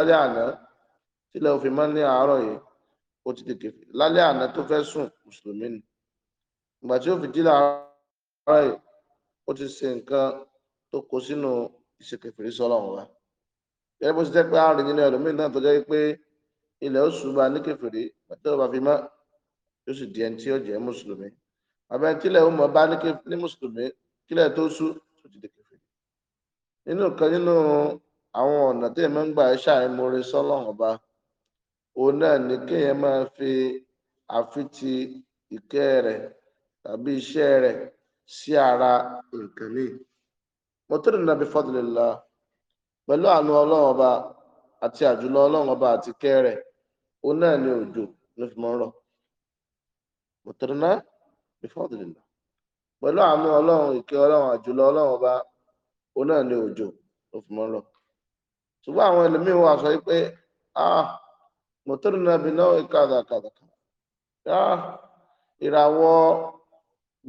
lálẹ́ àná tílẹ̀ òfin máa ń ní àárọ̀ yìí ó ti di kèfèrí lálẹ́ àná tó fẹ́ sùn mùsùlùmí ni ìgbà tí ó fi dí láàárọ̀ yìí ó ti ṣe nǹkan tó kó sínú ìṣèkèfèrí sọ́lọ́run wa gẹ́gẹ́ bó ti jẹ́ pé àárín nínú ẹlòmíín náà tó jẹ́ pé ilẹ̀ ó ṣùgbọ́n ní kèfèrí pàtó ọba fi mọ́ yóò sì di ẹni tí ó jẹ́ mùsùlùmí àbẹ tílẹ̀ ó mọ̀ bá ní mùsùlùmí kílẹ̀ tó sú tó ti di kèfèrí nínú kan nínú àwọn ọ̀nà tí èmi ń gbà ṣàìmoore sọ́lọ́run ọba òun náà ni kéèyàn máa fi àfitì ìkẹ́ rẹ̀ tàbí iṣẹ́ rẹ̀ sí ara nǹkan míì mọtòrò nàbí fọdùlélà pẹ̀lú àánú Ọlọ́run ọba àti àjùlọ Ọlọ́run ọba àti ìkẹ́ rẹ̀ òun náà ni òjò ló fi máa ń rọ̀ mọtòrò nàbí fọdùlélà pẹ̀lú àánú Ọlọ́run ìkẹ́ Ọlọ́run àjùlọ Ọlọ́run ọba òun náà ni òjò ló fi máa ń rọ̀ ṣùgbọ́n àwọn ẹlòmíì wà sọ pé ah mọ̀tòrò náà bí náà kàdà kàdà kàdà ah, ìràwọ̀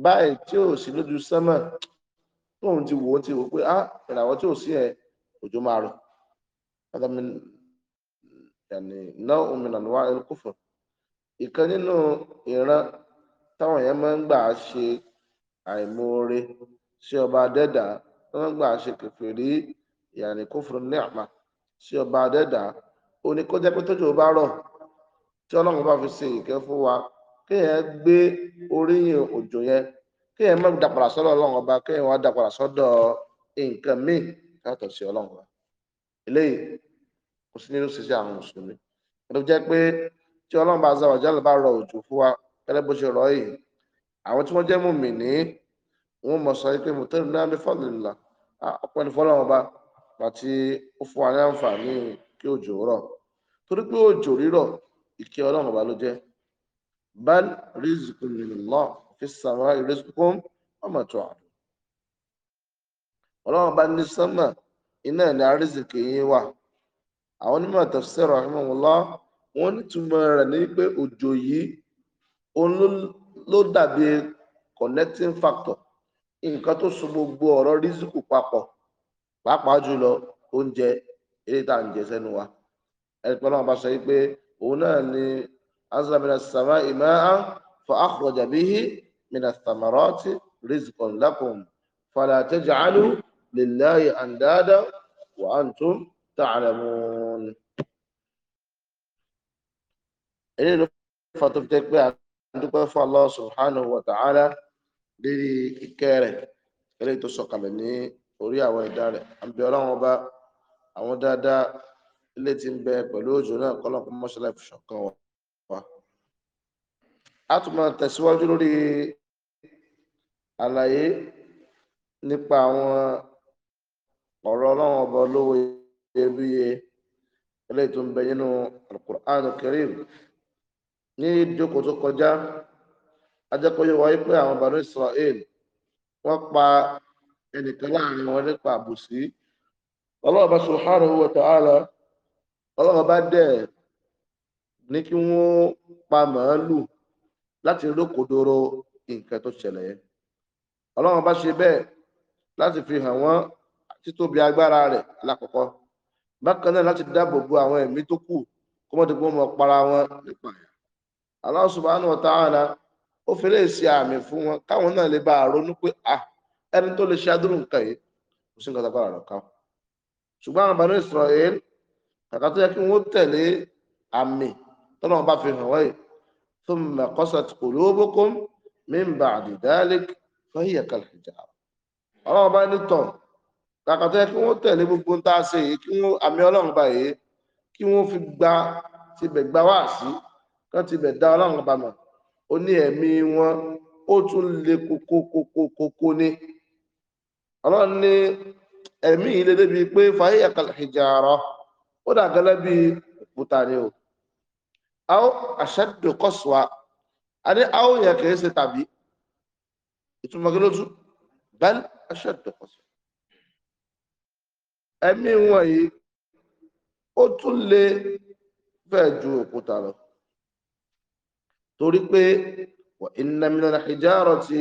báyìí tí ò sí lójú sánmà tóun ti wò ó ti wò pé ah ìràwọ̀ tí ò sí ẹ̀ òjò máa rọ̀ adamin yàní náà òmìnira ni wà ẹ̀rọ kófò ìkan nínú ìran táwọn èèyàn máa ń gbà ṣe àìmoore sí ọba dẹ́dà wọ́n gbà ṣe kẹfìrí yàní kófò ní àmà sí ọba adẹ́dà ó ní kó jẹ́ pé tójò bá rọ̀ tí ọlọ́run bá fi ṣe ìkẹ́ fún wa kéèyàn gbé oríyìn òjò yẹn kéèyàn má dàpàrà sọ́dọ̀ ọlọ́run ọba kéèyàn wá dàpàrà sọ́dọ̀ nǹkan míì yàtọ̀ sí ọlọ́run ọba eléyìí kò sí nínú ṣiṣẹ́ àwọn mùsùlùmí ló jẹ́ pé tí ọlọ́run bá zọ ọ̀já lè bá rọ òjò fún wa gẹ́gẹ́ bó ṣe rọ yìí àwọn tí wọ́n jẹ́ mùmínì wọ́n mọ̀ sọ pé mùtẹ́rù náà bí fọ́ọ̀lù nìlà ọpẹ́ fọ́ọ̀lù ọba àti ó fún wa ní àǹfààní kí òjò rọ torí pé òjò rírọ̀ ìkẹ́ ọlọ́run ọba ló jẹ bal rizqun lọ fi samai rizqukum ọmọ tó àdó ọlọ́run bá ní sánmà iná àrísìkì yín wà àwọn onímọ̀ tafsir rahimahullah wọn nítumọ̀ rẹ̀ ní pé so gbogbo ọ̀rọ̀ papọ̀ pàápàá jùlọ oúnjẹ eré tá à ń jẹ sẹ́nu wa ẹ̀pẹ́ náà bá sọ yí pé òun náà ni anzala minas samaa'i ma'an fa akhraja bihi minas thamarati rizqan lakum fala taj'alu lillahi andada wa antum ta'lamun. èyí ló fà tó fi pé àdúpẹ́ fún Allah subhanahu wa ta'ala lérí ìkẹ́ rẹ̀ eléyìí tó sọ̀kalẹ̀ ní orí àwọn ẹ̀dá rẹ̀ àbí ọlọ́run ọba àwọn dáadáa ilé tí ń bẹ pẹ̀lú òjò náà kọ́lọ̀ kó mọ́ṣálá wa. a tún máa tẹ̀síwájú lórí àlàyé nípa àwọn ọ̀rọ̀ ọlọ́run ọba olówó iyebíye ilé tó ń bẹ nínú alukur'an karim ní ìjókòó tó kọjá ajẹ́kọ̀ọ́ yóò wáyé pé àwọn Banu Israel wọ́n pa ẹnìkan láàrin wọn nípa àbòsí ọlọ́ọ̀bá subhanahu wa ta'ala bá dẹ̀ ní kí wọ́n pa màálù láti lókòdoro nǹkan tó ṣẹlẹ̀ yẹn ọlọ́run bá ṣe bẹ́ẹ̀ láti fi hàn wọ́n títóbi agbára rẹ̀ bákan náà láti dáàbò bo àwọn ẹ̀mí tó kù kó mọ́ mọ́ para wọn nípa ẹ̀ ó fi àmì fún wọn káwọn náà lè a ronú ah, ẹni tó lè ṣe adúrú nǹkan yìí kò sí nǹkan tágbára rẹ̀ ká ṣùgbọ́n àwọn Banu Israel kàkà tó yẹ kí wọ́n tẹ̀lé àmì tọ́nà wọn bá fi hàn wáyé thumma qasat qulubukum min ba'di dhalik fahiya kal-hijara ọlọ́run bá ní tọ̀ kàkà tó yẹ kí wọ́n tẹ̀lé gbogbo tá a ṣe yìí kí wọ́n àmì ọlọ́run bá yìí kí wọ́n fi gba tibẹ̀ gba wá sí kán tibẹ̀ dá ọlọ́run bá mọ̀ ó ní ẹ̀mí wọn ó tún le kókókókókó ní ọlọ́run ní ẹ̀mí ilé débi pé fàáyà kàlìjàrọ̀ ó dà gẹ́lẹ́ bí òkúta ni o àwọn àṣàdù kọ́sùwà a ní àwọn èèyàn kìí ṣe tàbí ìtumọ̀ kí ló tú bẹ́ẹ̀ àṣàdù kọ́sùwà ẹ̀mí wọn yìí ó tún lè fẹ́ ju òkúta lọ torí pé wà inna minal hijarati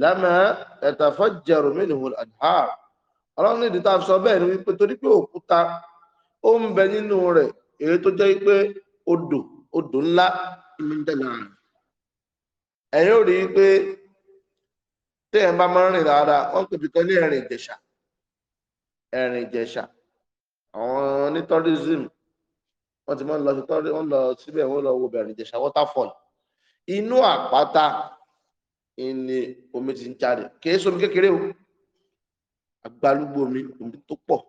lámà yatafajjaru minhu al-anhar ọlọ́run ní ìdí tá a sọ bẹ́ẹ̀ ni wípé torí pé òkúta ó ń bẹ nínú rẹ̀ èyí tó jẹ́ pé odò odò ńlá ló ń tẹ̀lé àrùn ẹ̀yìn ò rí i pé téèyàn bá máa ń rìn dáadáa wọ́n pè bìkan ní ẹ̀rìn ìjẹ̀ṣà ẹ̀rìn ìjẹ̀ṣà àwọn ní tourism wọ́n ti máa ń lọ síbẹ̀ wọ́n lọ wo ẹ̀rìn ìjẹ̀ṣà waterfall inú àpáta ni omi ti ń jáde kìí sómi kékeré o agbálúgbó omi omi tó pọ̀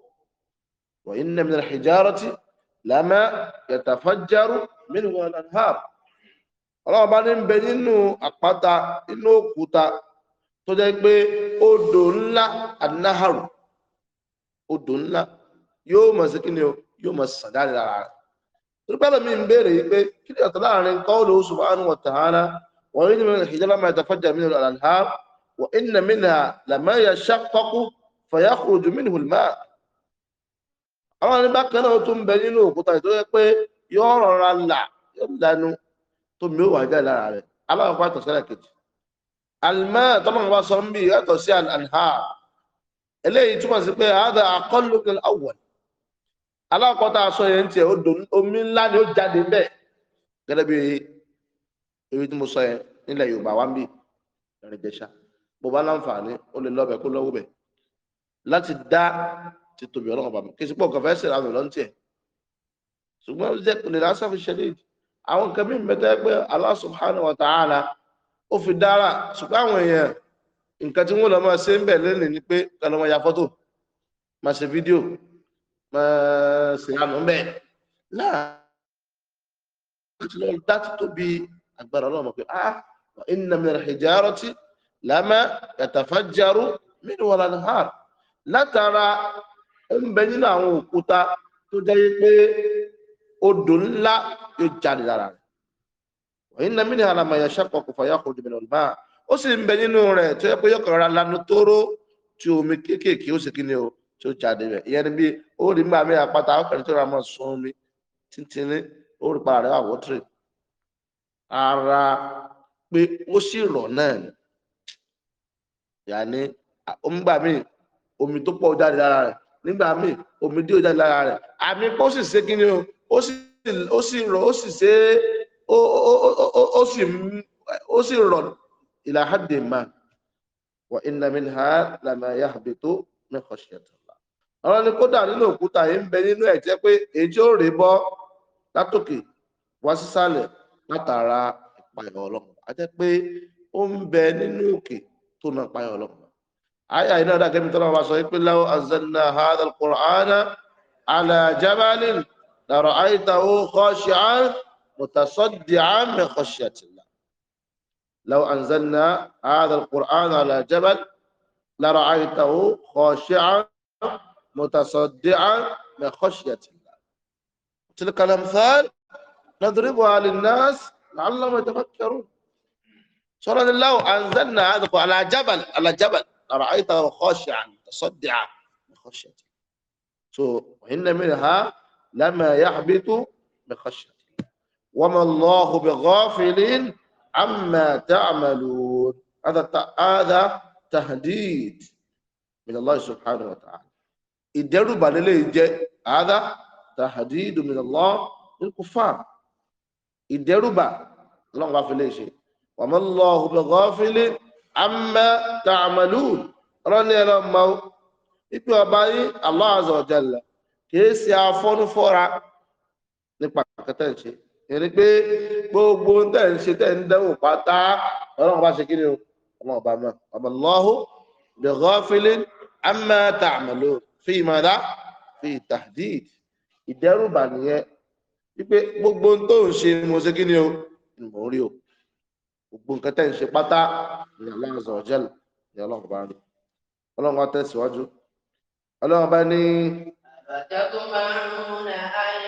wa inna min al-hijarati lama yatafajjaru minhu al-anhar ọlọ́run bá ní ń bẹ nínú àpáta inú òkúta tó jẹ́ pé odò ńlá anáhàrù odò ńlá yóò mọ̀ sí kíni o yóò mọ̀ sàn dáre lára rẹ̀ torípẹ́lẹ̀ mi ń béèrè yìí pé kí ni ọ̀tọ̀ láàrin qawluhu subhanahu wa ta'ala وإن من الحجارة ما يتفجر منه الأنهار وإن منها لما يشقق فيخرج منه الماء àwọn ní bákan náà tún bẹ nínú òkúta tó yẹ pé yóò rọra là yóò lanu tó mi ó wà jáde lára rẹ̀ aláwọkọ àtọsílẹ kejì alimẹ tọmọmọ bá sọ ń bí yàtọ̀ sí àlhà eléyìí túmọ̀ sí pé àádọ àkọlùkẹ awọl aláwọkọ tá a sọ yẹn ń tiẹ̀ omi ńlá ni ó jáde bẹ́ẹ̀ gẹ́gẹ́ bíi ewé tí mo sọ yẹn nílẹ̀ yorùbá wa ń bì ẹ̀rìn jẹ̀ṣà bó bá láǹfààní ó lè lọ́bẹ̀ kó lọ́wọ́ bẹ̀ láti dá ti tóbi ọlọ́run bàbá kí sípò kọfẹ́ sì rà mí lọ́ntì ẹ̀ ṣùgbọ́n ó jẹ́ kùnìlá sáfì ṣẹlẹ̀ àwọn nǹkan bí mẹ́ta pé Allah subhanahu wa ó fi dára ṣùgbọ́n àwọn èèyàn nǹkan tí wọ́n lọ máa ṣe ń bẹ̀ lẹ́nìí ni pé kí lọ́mọ ya fọ́tò máa ṣe fídíò máa ṣe àmọ́ bẹ́ẹ̀ náà láti lọ dá ti tóbi agbára ọlọ́run mọ̀ pé ah inna min al-hijarati lama yatafajjaru minhu al-anhar látara ń bẹ nínú àwọn òkúta tó jẹ́ pé odò ńlá yóò jáde lára rẹ̀ wa inna minha lama yashaqqaqu fayakhruju minhu al-ma' ó sì ń bẹ nínú rẹ̀ tó yẹ pé yóò kọ̀ọ̀ra lanu tóró tí omi kéékèèké ó sì kí ni o tí jáde rẹ̀ ìyẹn ni bí ó rí mbàmí àpáta ọkùnrin tó ra mọ́ sun omi tíntìnrín ara pé ó sì rọ̀ náà ni yàní nígbà míì omi tó pọ̀ jáde lára rẹ̀ nígbà míì omi díò jáde lára rẹ̀ àmì sì ṣe kíni o ó sì rọ̀ ó sì ṣe ó sì rọ̀ ila ma wa inna minha lama yahbitu min khashyatillah ọ̀rọ̀ ni kódà nínú òkúta yìí ń bẹ nínú ẹ̀ jẹ́ pé èyí tí ó rè bọ́ látara ìpayọ̀ ọlọ́run a jẹ́ pé ó ń bẹ nínú òkè tó náà payọ̀ ọlọ́run ayé àyè náà mi tọ́lá wa sọ pé law azanna hadha al-Qur'ana ala jabalin la ra'aytahu khashi'an mutasaddi'an min khashyatillah law anzalna hadha al-Qur'ana ala jabal la ra'aytahu khashi'an متصدعا من خشية الله تلك الأمثال نضربها للناس لعلهم يتفكرون سورة الله أنزلنا هذا على جبل على جبل رأيته خاشعا متصدعا من خشية وإن منها لما يحبط من خشية وما الله بغافل عما تعملون هذا هذا تهديد من الله سبحانه وتعالى إدروا على هذا تهديد من الله للكفار ìdẹ́rùbà ọlọ́run bá fi lè ṣe wàmọ́ lọ ọ̀bẹ̀gọ́ fílé àmẹ́ tààmàlú ọlọ́ni ẹ̀rọ mọ́ ipe ọba yín Allah azza wa jalla kìí ṣe afọ́nufọ́ra nípa kẹtẹ́ ṣe èrè pé gbogbo tẹ̀ ń ṣe tẹ̀ ń dẹ́wò pátá ọlọ́run bá ṣe kí ni ọlọ́run bá mọ́ wàmọ́ lọ́hùn ọ̀bẹ̀gọ́ fílé àmẹ́ tààmàlú fi ìmọ̀dá fi tahdid ìdẹ́rùbà nìyẹn wípé gbogbo ohun tó ń ṣe ni mo ṣe kí ni o mo ń rí o gbogbo nǹkan tẹ́ ń ṣe pátá ni Allah azza wa jalla ni ọlọ́run bá ní ọlọ́run wa tẹ̀síwájú ọlọ́run bá ní. أفتطمعون أن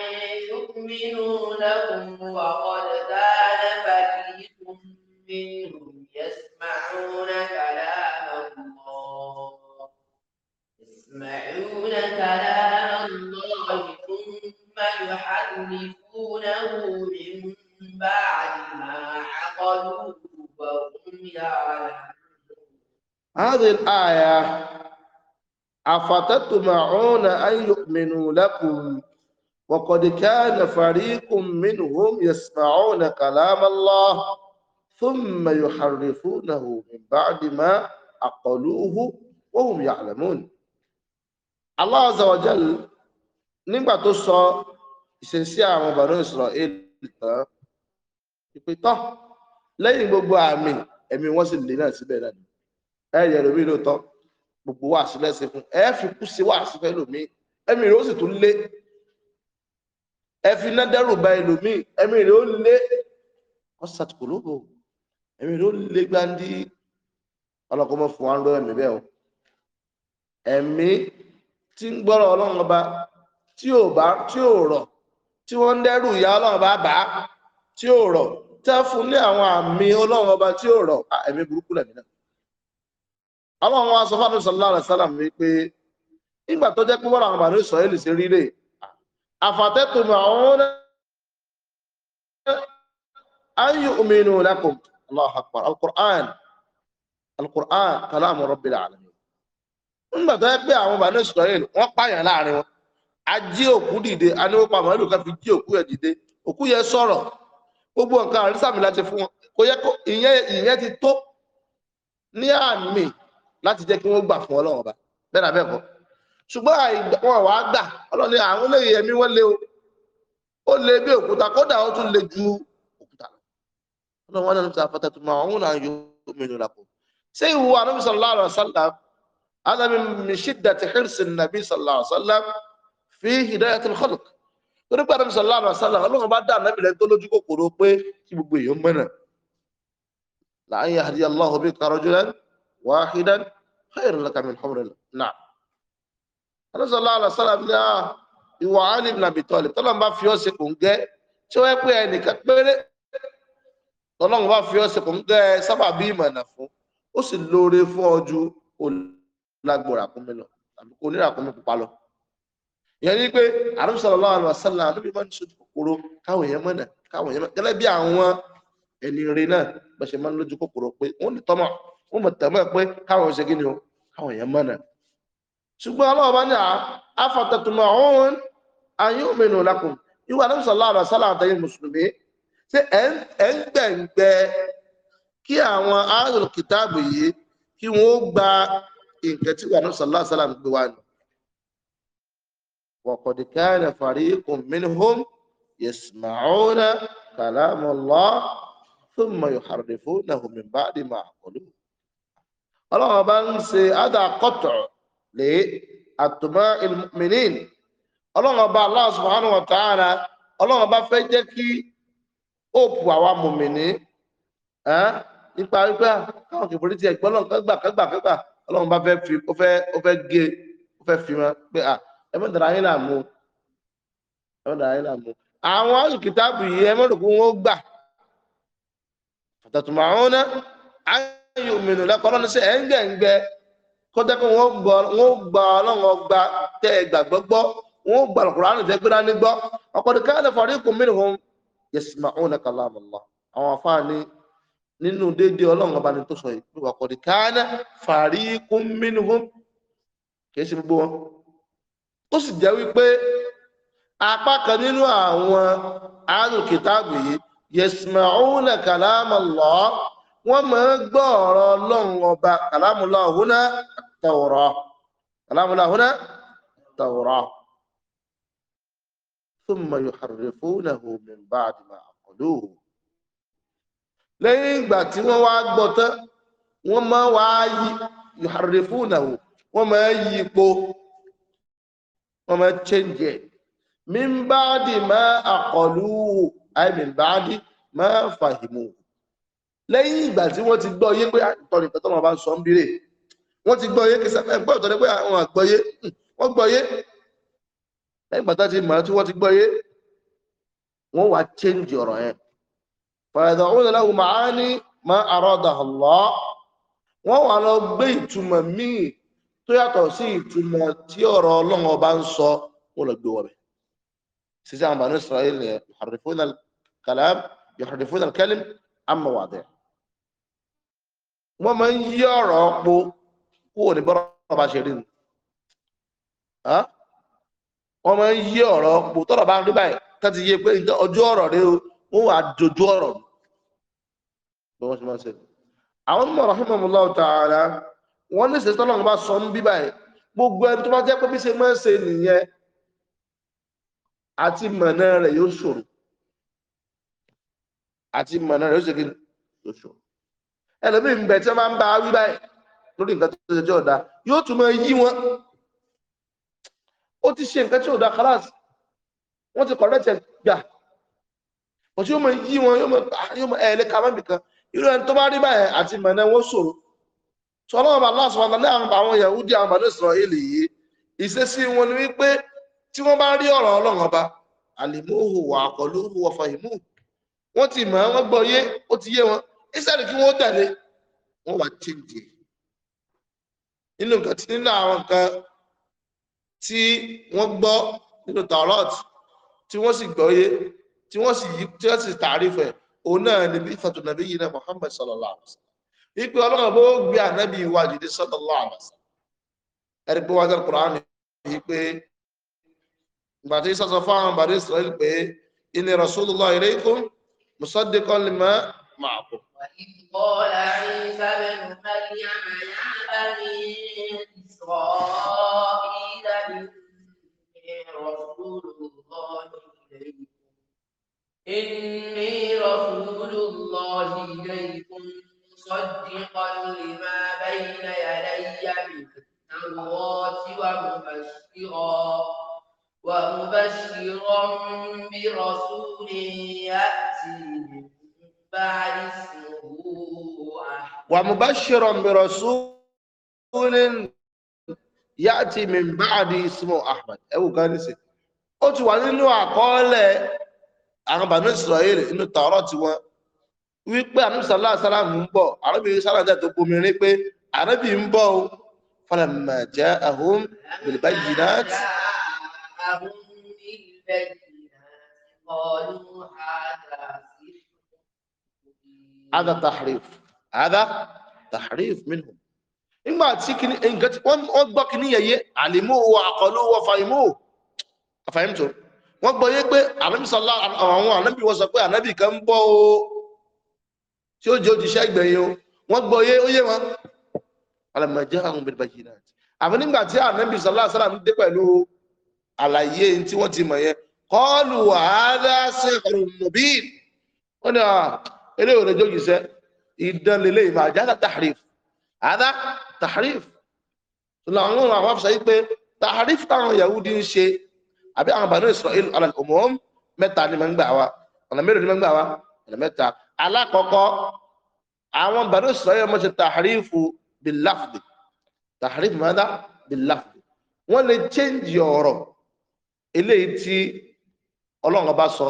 يؤمنوا لكم وقد كان فريق منهم يسمعون كلام الله يسمعون كلام الله فيحرفونه من بعد ما عقلوه وهم يعلمون هذه الآية أفتطمعون أن يؤمنوا لكم وقد كان فريق منهم يسمعون كلام الله ثم يحرفونه من بعد ما عقلوه وهم يعلمون الله عز وجل nígbà tó sọ ìṣesí àwọn Banu Israel tán ìpìtọ́ lẹ́yìn gbogbo àmì ẹ̀mí wọ́n sì lè náà síbẹ̀ náà ẹ yẹ lómi lóòótọ́ gbogbo wà sílẹ̀ sí fún ẹ fi kú sí wà sífẹ́ lómi ẹ̀mí rẹ̀ ó sì tún lé ẹ fi iná dẹ́rù ba ẹlòmí ẹ̀mí rẹ̀ ó lé ọ̀sàtì kò lóko ẹ̀mí rẹ̀ ó lé gbáǹdí ọlọ́kọ́mọ́ fún wa ń lọ ẹ̀mí bẹ́ẹ̀ o ẹ̀mí tí ń gbọ́rọ̀ ọlọ́run ọba tí ò bá tí ò rọ̀ tí wọ́n ń dẹ́rù ìyá ọlọ́run bá bá tí ò rọ̀ tẹ́ fún ní àwọn àmì ọba tí ò rọ̀ ẹ̀mí burúkú lẹ̀mí náà. ọlọ́run wa sọ ní àdúrà sallallahu alaihi wasallam wípé nígbà tó jẹ́ pé wọ́n àwọn àbàdàn rírè àwọn al tó pé àwọn àbàdàn a jí òkú dìde a ní ó pa màálù kan fi jí òkú yẹn dìde òkú yẹn sọ̀rọ̀ gbogbo nǹkan àrísàmì láti fún wọn kò yẹ kó ìyẹn ìyẹn ti tó ní àmì láti jẹ́ kí wọ́n gbà fún ọlọ́run ọba bẹ́ẹ̀ náà bẹ́ẹ̀ kọ́ ṣùgbọ́n wọn wàá gbà ọlọ́run ní àwọn olóyè ẹ̀mí wọ́n lé o ó lé bí òkúta kódà ó tún lé ju òkúta lọ ọlọ́run wọn náà fata tó máa wọn náà yọ omi ìlú làkọ ṣé ìwú anábì sallallahu alaihi wasallam anábì min shiddati hirsi nàbí sallallahu alaihi fi hidayatul khalq torí pé àdàbí sọlá àrà sálà ọlọ́run bá dá ànábì lẹ́ni tó lójú kòkòrò pé kí gbogbo èèyàn mọ́nà la'an yahdiya Allahu bika rajulan wahidan khayrun laka min humrin náà àdàbí sọlá àrà sálà ní à ah, ìwà Ali ibn Abi Talib tọ́lá bá fi ọ́ sí kòǹgẹ́ tí ó yẹ pé ẹnìkan péré tọ́lá bá fi ọ́ sí kòǹgẹ́ sábàbí ìmọ̀nà fún ó sì lóore fún ọ ìyẹn ni pé àdúgbò sallallahu alaihi wasallam àdúgbò máa ń sojú kòkòrò káwọn èèyàn mọ̀nà káwọn èèyàn mọ̀nà gẹ́lẹ́ bí àwọn ẹni rè náà bá ṣe máa ń lójú kòkòrò pé wọ́n ní tọ́mọ̀ wọ́n mọ̀ tẹ̀mọ̀ pé káwọn ṣe kíni o káwọn èèyàn mọ̀nà. ṣùgbọ́n ọlọ́wọ́ bá ní à afatatuma ọ̀hún ayé òmìnira lakum ìwà àdúgbò sallallahu alaihi wasallam àtẹ̀yìn mùsùlùmí ṣé ẹ̀ ń gbẹ̀ngbẹ́ kí àwọn ahlul kìtàbù yìí kí wọ́n gba nǹkan tí sallallahu alaihi wasallam وقد كان فريق منهم يسمعون كلام الله ثم يحرفونه من بعد ما عقلوه ọlọ́run bá ń ṣe ádàkọ́tọ̀ lé àtùmọ́ ìmìnín ọlọ́run bá Allah subhanahu wa ta'ala ọlọ́run bá fẹ́ jẹ́ kí òpù àwa mùmìní nípa wípé káwọn kìbòrí ti ẹ̀gbọ́n náà kẹ́gbà kẹ́gbà kẹ́gbà ọlọ́run bá fẹ́ fi ó fẹ́ gé ó fẹ́ fi wọn pé ah ẹ má dara yín làmú ẹ má dara yín làmú àwọn alùkìtàbù yìí ẹ má rò pé wọn ó gbà àtàtùmọ̀ àwọn náà ayé òmìnira lẹ́kọ̀ọ́ lọ́nà sí ẹ̀ńgẹ̀ǹgẹ̀ kọ́tẹ́ pé wọ́n gba ọlọ́run ọgbà tẹ́ ẹ gbàgbọ́ gbọ́ wọ́n gba Al-Qur'an tẹ́ gbéra ní gbọ́ ọ̀pọ̀lọpọ̀ káyọ̀dẹ̀ fariqun minhum yasma'una kalam Allah àwọn afáàní nínú déédé ọlọ́run ọba ni tó sọ yìí ọ̀pọ̀lọpọ̀ káyọ̀dẹ̀ fariqun minhum kì í ṣe gbogbo wọn ó sì jẹ́ wípé apá kan nínú àwọn alùkìtàbù yìí yasma'una kalam Allah wọ́n máa gbọ́ ọ̀rọ̀ ọlọ́run ọba kalamullah huna at-Tawrah kalamullah huna at-Tawrah thumma yuharrifunahu min ba'di ma aqaluhu lẹ́yìn ìgbà tí wọ́n wá gbọ́ tán wọ́n máa wá yuharrifunahu wọ́n máa change ẹ̀ mímbáàdì máa àkọlù àì mímbáàdì máa fàhìmù lẹ́yìn ìgbà tí wọ́n ti gbọ́ yé pé àtọ̀rọ̀ ìpẹ́ tọ́lọ̀ bá ń sọ ń bírè wọ́n ti gbọ́ yé kí sẹ́fẹ́ eh, gbọ́ ìtọ́ni pé àwọn ah, àgbọ́ yé hmm, wọ́n gbọ́ yé lẹ́yìn ìgbà tí màá tí wọ́n ti gbọ́ yé wọ́n wá change ọ̀rọ̀ yẹn fàyẹ̀dọ̀ òun lọ́la wù máa ní máa àrọ́dà Allah wọ́n wà lọ gbé ìtumọ̀ míì tó yàtọ̀ sí ìtumọ̀ tí ọ̀rọ̀ ọlọ́run ọba ń sọ ó lọ gbé wọ̀bẹ̀ sísẹ́ àwọn bàánú israel ni yuharrifuna al-kalam yuharrifuna al-kalim an mawadi'ihi wọ́n máa ń yí ọ̀rọ̀ po kúrò ní bọ́rọ̀ ọba ṣe rí ni wọ́n máa ń yí ọ̀rọ̀ po tọ́rọ̀ bá ń rí báyìí tó ti yé pé ọjọ́ ọ̀rọ̀ rẹ o wọ́n wà dojú ọ̀rọ̀ bí wọ́n ṣe máa ń ṣe àwọn mọ̀ rahimahullahu ta'ala wọ́n ní ṣe tọ́lọ́run bá sọ ń bí báyìí gbogbo ẹni tó bá jẹ́ pé bí ṣe máa ń ṣe nìyẹn àti mọ̀nà rẹ̀ yóò ṣòro àti mọ̀nà rẹ̀ yóò ṣe kí yóò ṣòro ẹlòmíì ń bẹ tí wọ́n máa ń bá wí báyìí lórí nǹkan tó ṣe tí ọ̀dà yóò tún máa yí wọn ó ti ṣe nǹkan tí ọ̀dà kálásì wọ́n ti kọ̀rẹ́tẹ̀ gbà kò tí yóò máa yí wọn yóò máa ẹ̀ẹ́lẹ́ka mọ́bìkan irú ẹni tó bá rí báyìí àti mọ̀nà wọn ṣòro sọlọ́wọ́ bá láti wọn láàrin àwọn Yahudi àwọn Bani Israeli yìí ìṣesí wọn ni wípé tí wọ́n bá rí ọ̀rọ̀ Ọlọ́run ọba àlèmóhù wà àkọlóhù ọ̀fà ìmú wọ́n ti mọ̀ wọ́n gbọ́ yé ó ti yé wọn ìṣẹ́lẹ̀ kí wọ́n tẹ̀lé wọ́n wà tíjì nínú nǹkan tí nínú àwọn nǹkan tí wọ́n gbọ́ nínú tarot tí wọ́n sì gbọ́ yé tí wọ́n sì tààrí fẹ̀ òun náà níbi ìfàtúnàbí yìí náà Muhammad sallallahu alaihi wasallam wípé ọlọ́run bó gbé ànábì wa dìde sallallahu alaihi wasallam ẹ̀rí pé wájú Qur'an yìí pé ìgbà tí sọ́sọ fáwọn bàrí Israel pé inni rasulullah ilaykum musaddiqan lima ma'akum. قال عيسى بن مريم يا بني إسرائيل إني رسول الله إليكم إني رسول الله إليكم مصدقا لما بين يدي من التوراة ومبشرا ومبشرا برسول يأتي من بعد اسمه ومبشرا برسول يأتي من بعد اسمه أحمد أو كانسي أتوالي نوع قولي أغبان إسرائيل إنو تارات وان wípé ànúsàlá sára ń bọ̀ arábìnrin sára dẹ̀ tó bomi rí pé arábì ń bọ̀ o falamma ja'ahum bil bayyinat. Ada تحريف Ada تحريف منهم nígbà tí kìíní nǹkan tí wọ́n gbọ́ kìíní yẹ̀yẹ́ àlìmú wa àkọlù wa fàìmú àfàìmùtò wọ́n gbọ́ yé pé ànábì àwọn ànábì wọ́n sọ pé ànábì kan ń bọ̀ o tí ó jẹ́ òjíṣẹ́ ìgbẹ̀yìn o wọ́n gbọ́ yé ó yé wọn alamọ̀jẹ́ àwọn bẹ̀rẹ̀ báyìí náà àmì nígbà tí ànábì sọlá sọlám dé pẹ̀lú àlàyé tí wọ́n ti mọ̀ yẹn kọ́ọ̀lù wàhálà sí ọ̀rùn mọ̀bí wọ́n ní eré òde jókìsẹ́ ìdán lélẹ̀ ìmọ̀ àjáda tahrif àdá tahrif làwọn àwọn afṣà yìí pé tahrif táwọn Yahudi ń ṣe àbí àwọn Banu Israel alal umum mẹ́ta ni mọ̀ ń gbà wá ọ̀nà mélòó ni mọ̀ ń gbà wá ọ̀nà mẹ́ta alákọ̀ọ́kọ́ àwọn bàrú sọ́yọ́ mọ́ ṣe tàhrífù bìláfdì tàhrífù mọ́dá bìláfdì wọ́n lè chẹ́ǹjì ọ̀rọ̀ eléyìí tí ọlọ́run bá sọ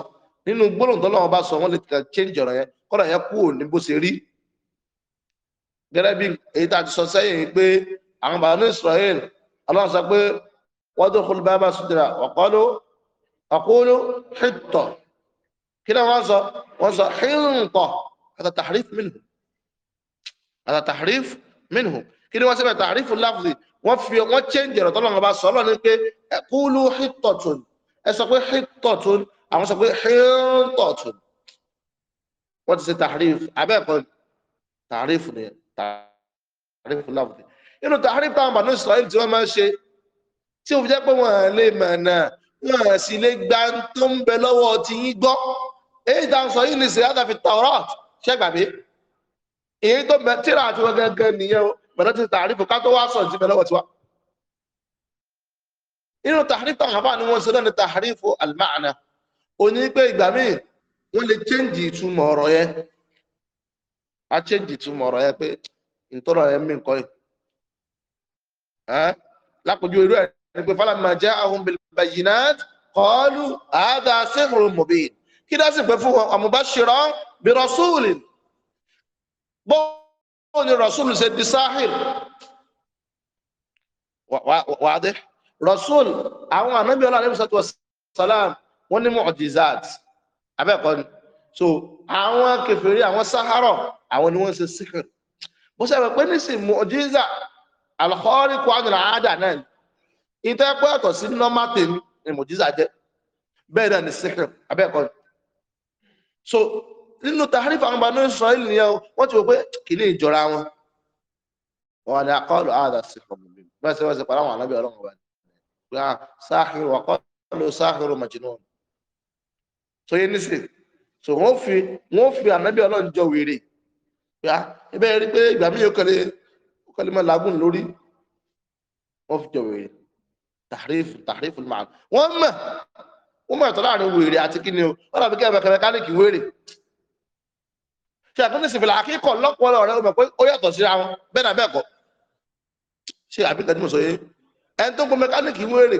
nínú gbólóhùn tọ́lọ́run bá sọ wọ́n lè chẹ́ǹjì ọ̀rọ̀ yẹn kọ́rọ̀ yẹn kúrò ní bó ṣe rí gẹ́gẹ́ bí èyí tá a ti sọ sẹ́yìn pé àwọn bàbá Israel ọlọ́run sọ pé wọ́n tó kọlu bá bá sùdìrà ọ̀kọ́lù ọ̀kọ́lù hìtọ̀ kí náà wọ́n sọ wọ́n sọ hìrùntọ̀ àti tàríf minhum àti tàríf minhum kí ni wọ́n sẹ́bẹ̀ tàríf láfùdì wọ́n fi wọ́n chẹ́ǹjì ọ̀rọ̀ tọ́lọ́ ọba sọ́lọ́ ní pé kúlú hìtọ̀tún ẹ sọ pé hìtọ̀tún àwọn sọ pé hìrùntọ̀tún wọ́n ti ṣe tàríf abẹ́ẹ̀kọ́ tàríf ni tàríf láfùdì inú tàríf táwọn bàánú sọ èyí tí wọ́n máa ń ṣe tí òfin jẹ́ pé wọ́n lè mọ̀ náà wọ́n sì lè gba tó ń bẹ lọ́wọ́ ti yín gbọ́ èyí tá ń sọ yìí ní sèyáta fi Taurat ṣẹ́gbàgbé èyí tó bẹ tíra àti wọn gẹ́gẹ́ nìyẹn o bẹ̀rẹ̀ ti tààrífù ká tó wá sọ̀ jí bẹ̀rẹ̀ wọ̀tíwá inú tààrífù àwọn àbá ni wọ́n ṣe náà ni tààrífù al-ma'na o ní pé ìgbà míì wọ́n lè chẹ́ǹjì ìtumọ̀ ọ̀rọ̀ yẹn a chẹ́ǹjì ìtumọ̀ ọ̀rọ̀ yẹn pé ìtọ́rọ̀ yẹn mí nǹkan yìí lápòjú irú ẹ̀ ni pé falamma ja'ahum bil bayyinat qalu hadha sihrun mubin kí dásì pé fún wọn àmúbáṣirọ́ bí rọ́súùlì bọ́ọ̀ ni rọ́súùlì ṣe di sáhìl wàádé rọ́súùlì àwọn ànábì ọlọ́run ànábì sọ́tọ̀ sàlám wọ́n ní mu'jizat abẹ́ẹ̀kọ́ ni so àwọn kèfèrí àwọn sáhárọ̀ àwọn ni wọ́n ṣe síkìr bó sẹ́wọ̀n pé nísìn mu'jiza alkhọ́rí kwanu àádà náà ni ìtẹ́pẹ́ ọ̀tọ̀ sí normal tèmi ni mu'jiza jẹ́ bẹ́ẹ̀ náà ni síkìr abẹ́ẹ̀kọ́ ni so nínú tàrífà àwọn ọmọ Israel nìyẹn wọ́n ti wò pé kìíní ìjọra wọn wọ́n ni akọ́lù àdà sí ọmọ mi bá ṣe wọ́n ṣe pàdánù ànábì ọlọ́run wa gbà sáàkìrò akọ́lù sáàkìrò màjìnnà tó yé ní sí so wọ́n fi wọ́n fi ànábì ọlọ́run jọ wèrè gbà ah, ibẹ̀ rí pé ìgbà mi yóò kọ́lé kọ́lé mọ́ làágùn lórí wọ́n fi jọ wèrè tàrífù tàrífù màá wọ́n mọ̀ wọ́n mọ̀ ẹ̀tọ́ láàrin wèrè àti kíni o wọ́n dàbí kẹ́ẹ̀mẹ̀kẹ́ mẹkáníìkì wèrè ṣe àkóní sì fìlà akíkọ̀ lọ́pọ̀lọ́ rẹ̀ mọ̀ pé ó yàtọ̀ síra wọn bẹ́ẹ̀ náà bẹ́ẹ̀ kọ́ ṣe àbí kẹ́ẹ̀dí mọ̀ sóyè ẹni tó ń gun mẹkáníìkì wèrè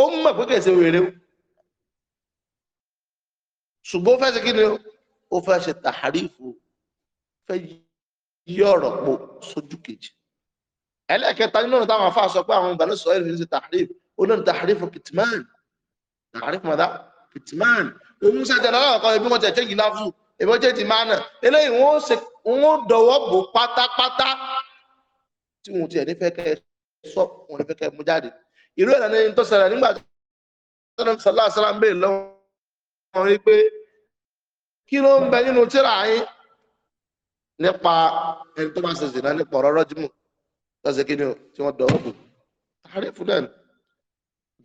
ó mọ̀ pé kẹ́ẹ̀sì wèrè o ṣùgbọ́n ó fẹ́ ṣe kíni o ó fẹ́ ṣe tàhárífù fẹ́ yí ọ̀rọ̀ po sójú kejì ẹlẹ́ẹ̀kẹta nínú táwọn afáà sọ pé àwọn ìgbàlósọ̀ọ́ àrífọ̀dá pitman òun ṣẹ̀jẹ̀ lọ́rọ̀ kan ẹbí wọ́n tẹ̀ tẹ́jì láfù ẹbí wọ́n tẹ́jì máa nà eléyìí wọ́n dọ̀wọ́ bò pátápátá tí wọ́n ti ẹ̀ nífẹ̀ẹ́ kẹ́ sọ wọ́n nífẹ̀ẹ́ kẹ́ mú jáde ìró ẹ̀rọ ni tó ṣẹlẹ̀ nígbà tó ṣẹlẹ̀ sọlá sọlá ń béèrè lọ́wọ́ wọn rí pé kí ló ń bẹ nínú tíra yín nípa ẹni tó máa ṣe ṣìnà nípa ọ̀rọ̀ rọ́jùmù tó ṣe kí ni tí wọ́n dọ̀wọ́ bò àrífọ̀dá ni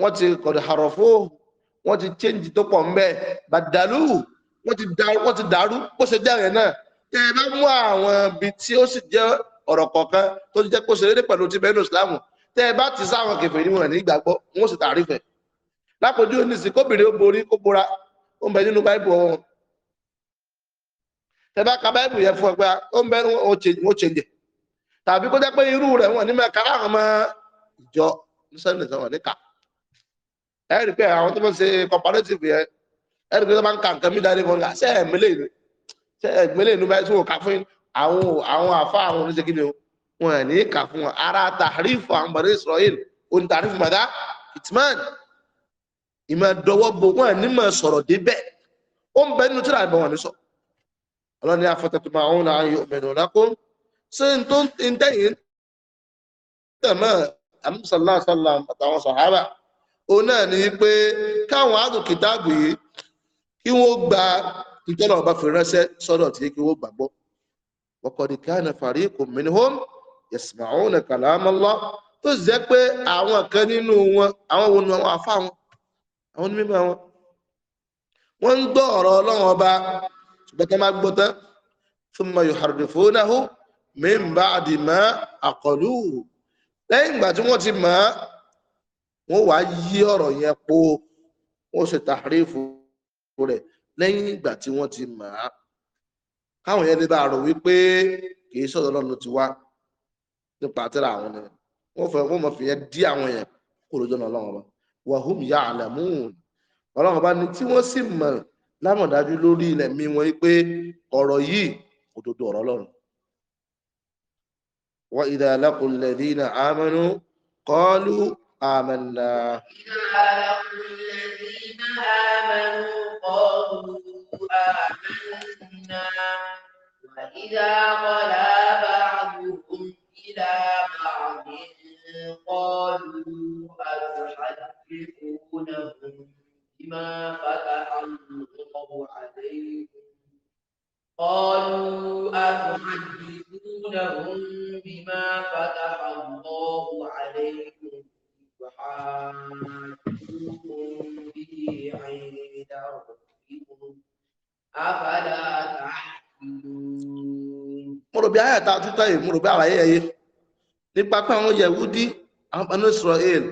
wọ́n ti kọ̀dù àrọ̀fó wọ́n ti change tó pọ̀ ńbẹ́ Badalu? wọ́n ti dàrú bó ṣe jẹ́ rẹ̀ náà tẹ́ ẹ bá mú àwọn ibi tí ó sì jẹ́ ọ̀rọ̀ kọ̀ọ̀kan tó ti jẹ́ kó ṣe lédè pẹ̀lú ti bẹ́ẹ̀ nù ìsìlámù tẹ́ ẹ bá ti sáwọn kẹfẹ́ ní wọn nígbàgbọ́ wọn ó sì tàrífẹ̀ lápòjú oníṣì kóbìnrin ó borí kó bora ó ń bẹ nínú báìbù ọ̀hún tẹ́ bá ka báìbù yẹn fún ẹ pé ó ń bẹ ó ṣèǹjẹ tàbí kó jẹ́ pé irú rẹ̀ wọn ní mẹ́ka láwọn ọmọ ìjọ ní sẹ́ńdẹ̀ sọ́wọ́n níkà ẹ rí pé àwọn tó ń ṣe cooperative yẹn ẹ rí pé tó máa ń ka nǹkan mi dáre fún mi ṣe ẹ̀mílẹ̀ ìlú ṣe ẹ̀mílẹ̀ ìlú báyìí tí wọ́n ah, kà fún àwọn àwọn àfa àwọn oníṣẹ́ kí ni wọn ní kà fún ara tàrífù àwọn bàrẹ́ Israel òní tàrífù mọ̀dá itman ìmọ̀ dọwọ́ bo wọn ní mọ̀ sọ̀rọ̀ débẹ̀ ó ń bẹ nínú tíra ìbọn wọn ní sọ ọlọ́ni afọ́tẹ̀tùmọ̀ àwọn ọ̀nà ayò mẹ́rin ọ̀lákùn ṣé n tó ona ni wípé káwọn àdùn kìtàbù yìí kí wọ́n gba ọba fi ránṣẹ́ sọ́dọ̀ tí kí wọ́n gbàgbọ́ wọ́kọ̀dì káàna fariqun minhum yasma'una kalam Allah tó pé àwọn kan nínú wọn àwọn wo ni àwọn afá wọn àwọn onímọ̀ wọn wọ́n ń gbọ́ ọba máa tán ma wọ́n wá yí ọ̀rọ̀ yẹn po wọ́n ṣe tàrífù rẹ̀ lẹ́yìn ìgbà tí wọ́n ti mọ̀ á káwọn yẹn lè bá rò wípé kìí sọ̀rọ̀ Ọlọ́run ti wá nípa àtẹ́rà àwọn ni wọ́n fẹ́ wọ́n fi yẹn dí àwọn yẹn kó lójú ọ̀nà Ọlọ́run lọ wàhùn ìyá àlàmúhùn Ọlọ́run bá ní tí wọ́n sì mọ̀ lámọ̀dájú lórí ilẹ̀ mi wọn wípé ọ̀rọ̀ yìí òdodo ọ̀rọ̀ Ọlọ́run wa idha laqul ladhina amanu qalu آمنا خلقوا الذين آمنوا قالوا آمنا وإذا خلا بعضهم إلى بعض قالوا أتحدثونهم بما فتح الله عليكم قالوا أتحدثونهم بما فتح حاجوكم به عند ربكم أفلا تعقلون mo rò bí ayé àtàtú táyé mo rò bí àlàyé ẹyẹ nípa pé àwọn yẹwúdí àwọn ọmọ israel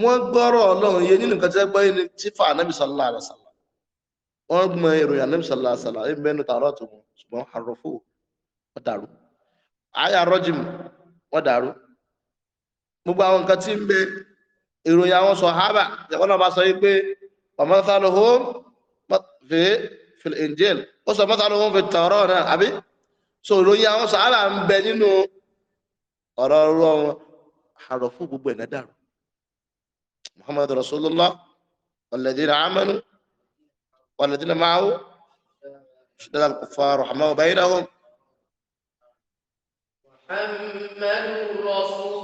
wọ́n gbọ́rọ̀ Ọlọ́run yé nínú nǹkan tí wọ́n gbọ́ yé ní tífà anábì sallallahu alaihi wasallam wọ́n gbọ́ ìròyìn anábì sallallahu alaihi wasallam ẹbí mẹnu tó wọn ṣùgbọ́n àròfò wọ́n dàrú àyà rọjìm wọ́n dàrú gbogbo àwọn nǹkan tí ń bẹ ìròyìn àwọn sọ̀hábà ìyàwọ́nà bá sọ wípé mathaluhum fi fil injil ó sọ mathaluhum fi tawrah náà àbí so ìròyìn àwọn sọ̀hábà ń bẹ nínú ọ̀rọ̀ ọ̀rọ̀ wọn àrọ̀ fún gbogbo ẹ̀dá dàrú muhammad rasulullah walladhina amanu walladhina ma'ahu shiddat al-kuffar rahmahu bainahum muhammadur rasul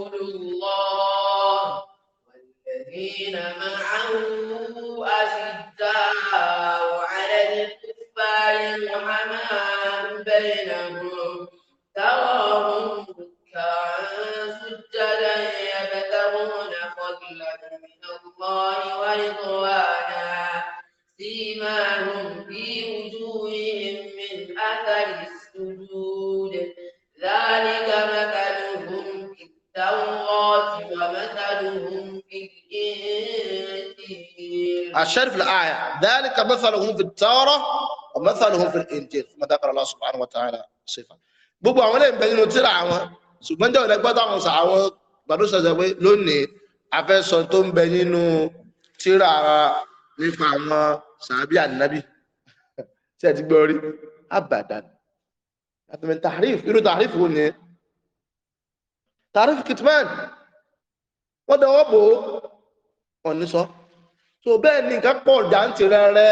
والذين معه أشداء على الكفار رحماء بينهم تراهم ركعا سجدا يبتغون فضلا من الله ورضوانا سيماهم في وجوههم من أثر السجود ذلك مثل التوراة ومثلهم في الإنجيل الشرف الآية ذلك مثلهم في التوراة ومثلهم في الإنجيل ثم ذكر الله سبحانه وتعالى صفة gbogbo àwọn eléyìí bẹni tí ra àwọn ṣùgbọ́n jẹ́ ọ̀lẹ́gbọ́n táwọn sọ àwọn gbàdúrà pé lónìí afẹ́sọ tó ń bẹ nínú tíra nípa àwọn sàábí ànábì tí ẹ ti gbọ́ rí abadan àtàmì tàríf irú tàríf wo ni tàrífù kìtìmán wọ́n dọwọ́ bò ó ọ̀ní sọ so bẹ́ẹ̀ ni nǹkan pọ̀ jàǹtì rẹrẹ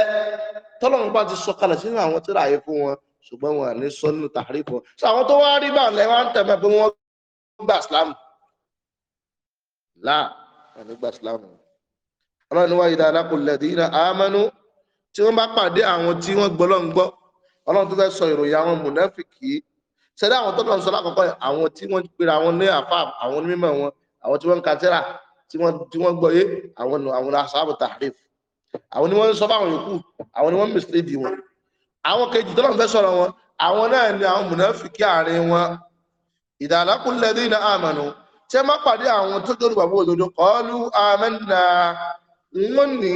tọ́lọ́run bá ti sọ kalẹ̀ sínú àwọn tíra yìí fún wọn ṣùgbọ́n wọn ní sọ nínú tàrífù so àwọn tó wá rí báwọn lẹ́wọ́n ń tẹ̀mẹ́ pé wọ́n gbà sílámù láà wọn ní gbà sílámù ọlọ́run ní wáyé dáadáa kò lẹ̀dí iná àmánú tí wọ́n bá pàdé àwọn tí wọ́n gbọ́ lọ́n gbọ́ ọlọ́run tó fẹ́ sọ ìròyìn àwọn mùnáfìkì sẹ́dá àwọn tọ́lọ̀ ń sọ lákọ̀ọ́kọ́ àwọn tí wọ́n pera àwọn ní àfà àwọn onímọ̀ wọn àwọn tí wọ́n ń ka tẹ́rà tí wọ́n gbọ́yé àwọn àwọn asáàbù tahrif àwọn ni wọ́n ń sọ fáwọn yòókù àwọn ni wọ́n ń mislead wọn àwọn kejì tọ́lọ̀ ń fẹ́ sọ̀rọ̀ wọn àwọn náà ni àwọn mùnáfíkì àárín wọn ìdàlákù lẹ́dínà àmànù tí a máa pàdé àwọn tó jọ́rù bàbá òdodo kọlu àmànà wọ́n ní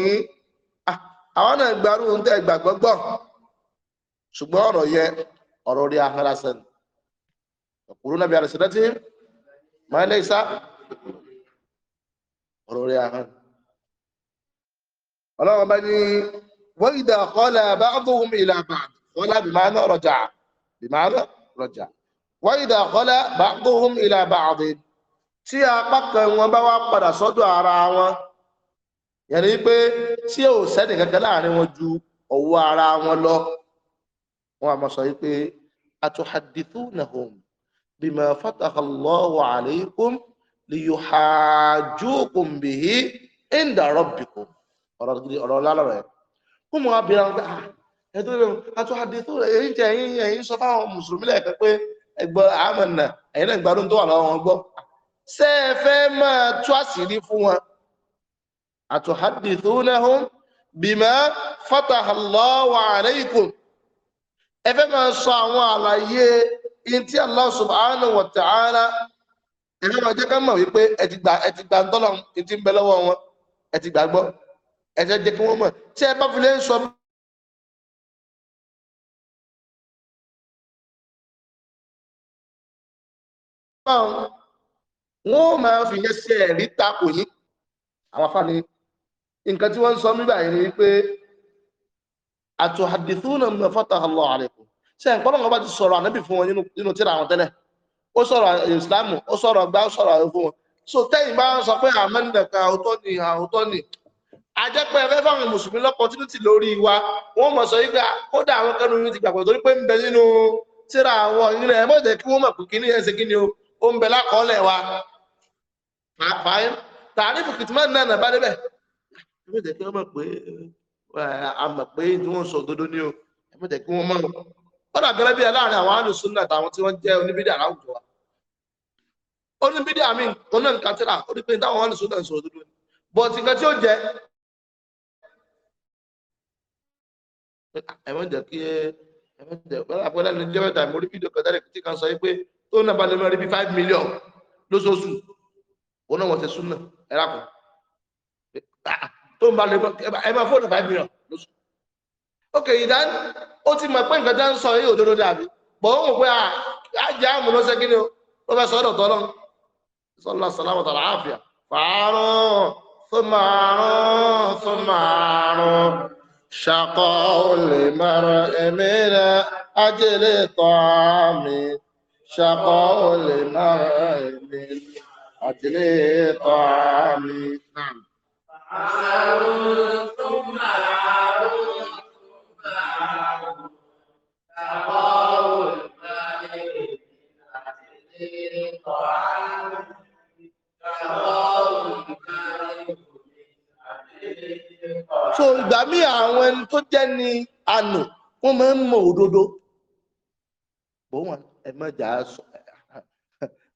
ah, àwọn náà gbárù ń tẹ́ gbàgbọ́gbọ́ ṣùgbọ́n ọ̀rọ̀ yẹ ọ̀rọ̀ rí ahọ́n lásán ọ̀pọ̀lọ́nà bí àrẹsẹ̀ láti máa lẹ́ ìsá ọ̀rọ̀ rẹ̀ àhán ọlọ́run bá ní wọ́n ìdá kọ́lá bá ọdún ìlà bá kọ́lá bí máa ná rọjà bí máa ná rọjà wọ́n ìdá kọ́lá bá ọdún ìlà bá ọdún tí apá kan wọn bá wá padà sọ́dọ̀ ara wọn yẹn ni pé tí ò sẹ́ni kankan láàrin wọn ju ọwọ́ ara wọn lọ wọn àmọ́ sọ wípé atuhadithunahum بما فتح الله عليكم liyuhajjukum به inda rabbikum ọ̀rọ̀ gidi ọ̀rọ̀ lálọ́rọ̀ ẹ̀ kó mọ̀ abìrà ah, ń gbà ẹ̀tọ́ rẹ̀ àtúhàdì tó ẹ̀yìn tí ẹ̀yìn ẹ̀yìn sọ fáwọn mùsùlùmí lẹ́ẹ̀kan pé ẹgbọ́n àmọ̀nà ẹ̀yìn náà gbádùn tó wà lọ́wọ́ wọn gbọ́ ṣé máa tú àṣírí fún wọn in tí Allah subhanahu wa ta'ala ẹ̀rọ ọjọ́ ká mọ̀ wípé ẹ ti gbà ẹ ti gbà ń ní ti ń bẹ lọ́wọ́ wọn ẹ ti gbàgbọ́ ẹ ti jẹ́ kí wọ́n mọ̀ tí ẹ bá fi lè sọ wọ́n máa fi yẹn ṣe ẹ̀rí àwọn afáàní nǹkan tí wọ́n ń sọ nígbà yìí ni wípé àtúhàdìtúnà ṣe nǹkan bá ti sọ̀rọ̀ ànábì fún wọn nínú tíra àwọn tẹ́lẹ̀ ó sọ̀rọ̀ ìsìlámù ó sọ̀rọ̀ ọgbà ó sọ̀rọ̀ fún so tẹ́yìn bá sọ pé àmẹ́nìdàkà àwòtọ́ ni àwòtọ́ ni ajẹ́pẹ́ ẹ̀fẹ́ fáwọn mùsùlùmí lọ́pọ̀tínútì lórí wa wọ́n wa fàáyín tààrífù náà débẹ̀ kí wọ́n mọ̀ pé àmọ̀ pé sọ òdodo o kí kọ́dà gẹ́gẹ́ bí láàrin àwọn alùsùnà àtàwọn tí wọ́n jẹ́ oníbídà láwùjọ wa oníbídà mi òun náà nǹkan tíra ó rí pé táwọn alùsùnà ń sọ̀rọ̀ dúdú bọ̀tì nǹkan tí ó jẹ́ ẹ̀wọ̀n jẹ́ kí ẹ̀wọ̀n jẹ́ wọ́n àpò lẹ́nu ilé mẹ́ta ìmọ̀ orí fídíò kan tẹ́lẹ̀ tí kan sọ pé tó náà bá lè lọ rí bí five million lóṣooṣù òun náà wọ́n ti súnà ẹ̀rákùn tó ń bá lè ẹ máa fóònù five million ok ìdán ó ti mọ̀ pé nǹkan tá ń sọ yìí òdodo dàbí bọ̀ ó mọ̀ pé àjẹ́ ah, àmú ló ṣe kí ni o ó fẹ́ sọ́dọ̀ tọ́lọ́ sọ́lá sàlámù tàlà àfíà fàárọ̀ fúnmàárọ̀ fúnmàárọ̀ ṣàkọ́ olè mẹ́rọ ẹ̀mí rẹ̀ ajẹ́lẹ̀ tọ́ mi ṣàkọ́ olè mẹ́rọ ẹ̀mí ajẹ́lẹ̀ tọ́ mi. mí àwọn ẹni tó jẹ́ ni ànù wọ́n máa ń mọ òdodo bọ́n wọn ẹ mẹ́jà sọ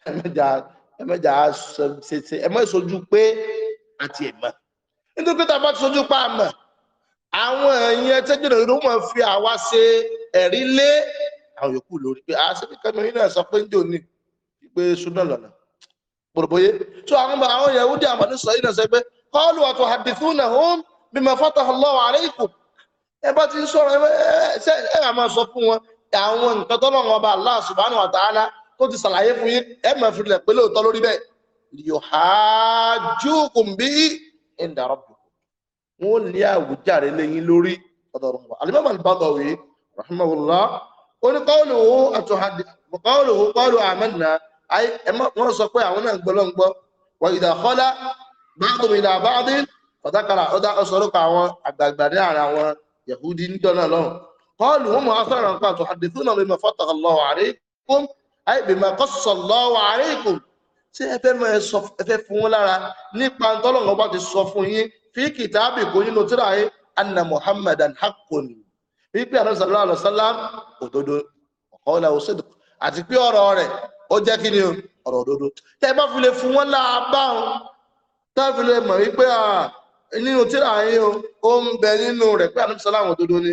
ẹ mẹ́jà ẹ mẹ́jà sọ ṣẹṣẹ ẹ mọ́ ìsojú pé àti ẹ̀mọ́ nítorí pé tá ti sojú pa àmọ́ àwọn èèyàn tẹ́jú ìrìn ló mọ̀ fi àwa ṣe ẹ̀rí lé àwọn yòókù lórí pé a ah, ṣe kíkẹ́ mìíràn náà sọ pé ń jò ní pé súná lọ́nà pòròbóyé tó àwọn ọmọ àwọn yẹn ó àmọ́ ní sọ yìí náà sọ pé kọ́ọ̀lù ọ̀tọ̀ àdìfún náà ó ń bima fataha Allahu alaykum ẹ bá ti ń sọ̀rọ̀ ẹ ẹ máa sọ fún wọn àwọn nǹkan tó lọ́wọ́ ọba Allah subhanahu wa ta'ala tó ti sàlàyé fún yín ẹ máa fi lẹ̀ pé lóòótọ́ lórí bẹ́ẹ̀ yuhajjukum bihi inda rabbikum wọn ò ní àwùjáre lẹ́yìn lórí ọ̀dọ̀rọ̀mọ̀ al-imam al-Bagawi rahimahullah ó ní àtúhàdì ọ̀dákàrà ọ̀sọ̀rọ̀kọ̀ àwọn àgbààgbà ní àárín àwọn yahudi níjọ́ náà lọ́rùn kọ́ọ̀lù wọn mọ̀ afẹ́ràn nǹkan tó àdìsú náà bí mọ̀fọ́tà lọ́wọ́ àríkùn àìbí mọ̀kọ́sọ̀ lọ́wọ́ àríkùn tí ẹ fẹ́ mọ ẹ fẹ́ fún wọn lára nípa tọ́lọ́run bá ti sọ fún yín fi kìtàbì kò yín lótìrà yín anna muhammadan haqqun wípé àná sàlọ́ àlọ́ sálá òdodo ọ̀kọ́lá òṣèlú àti pé ọ̀rọ̀ rẹ̀ ó nínú tíra yín o ó ń bẹ nínú rẹ̀ pé àníbi sọ́lá àwọn òdodo ni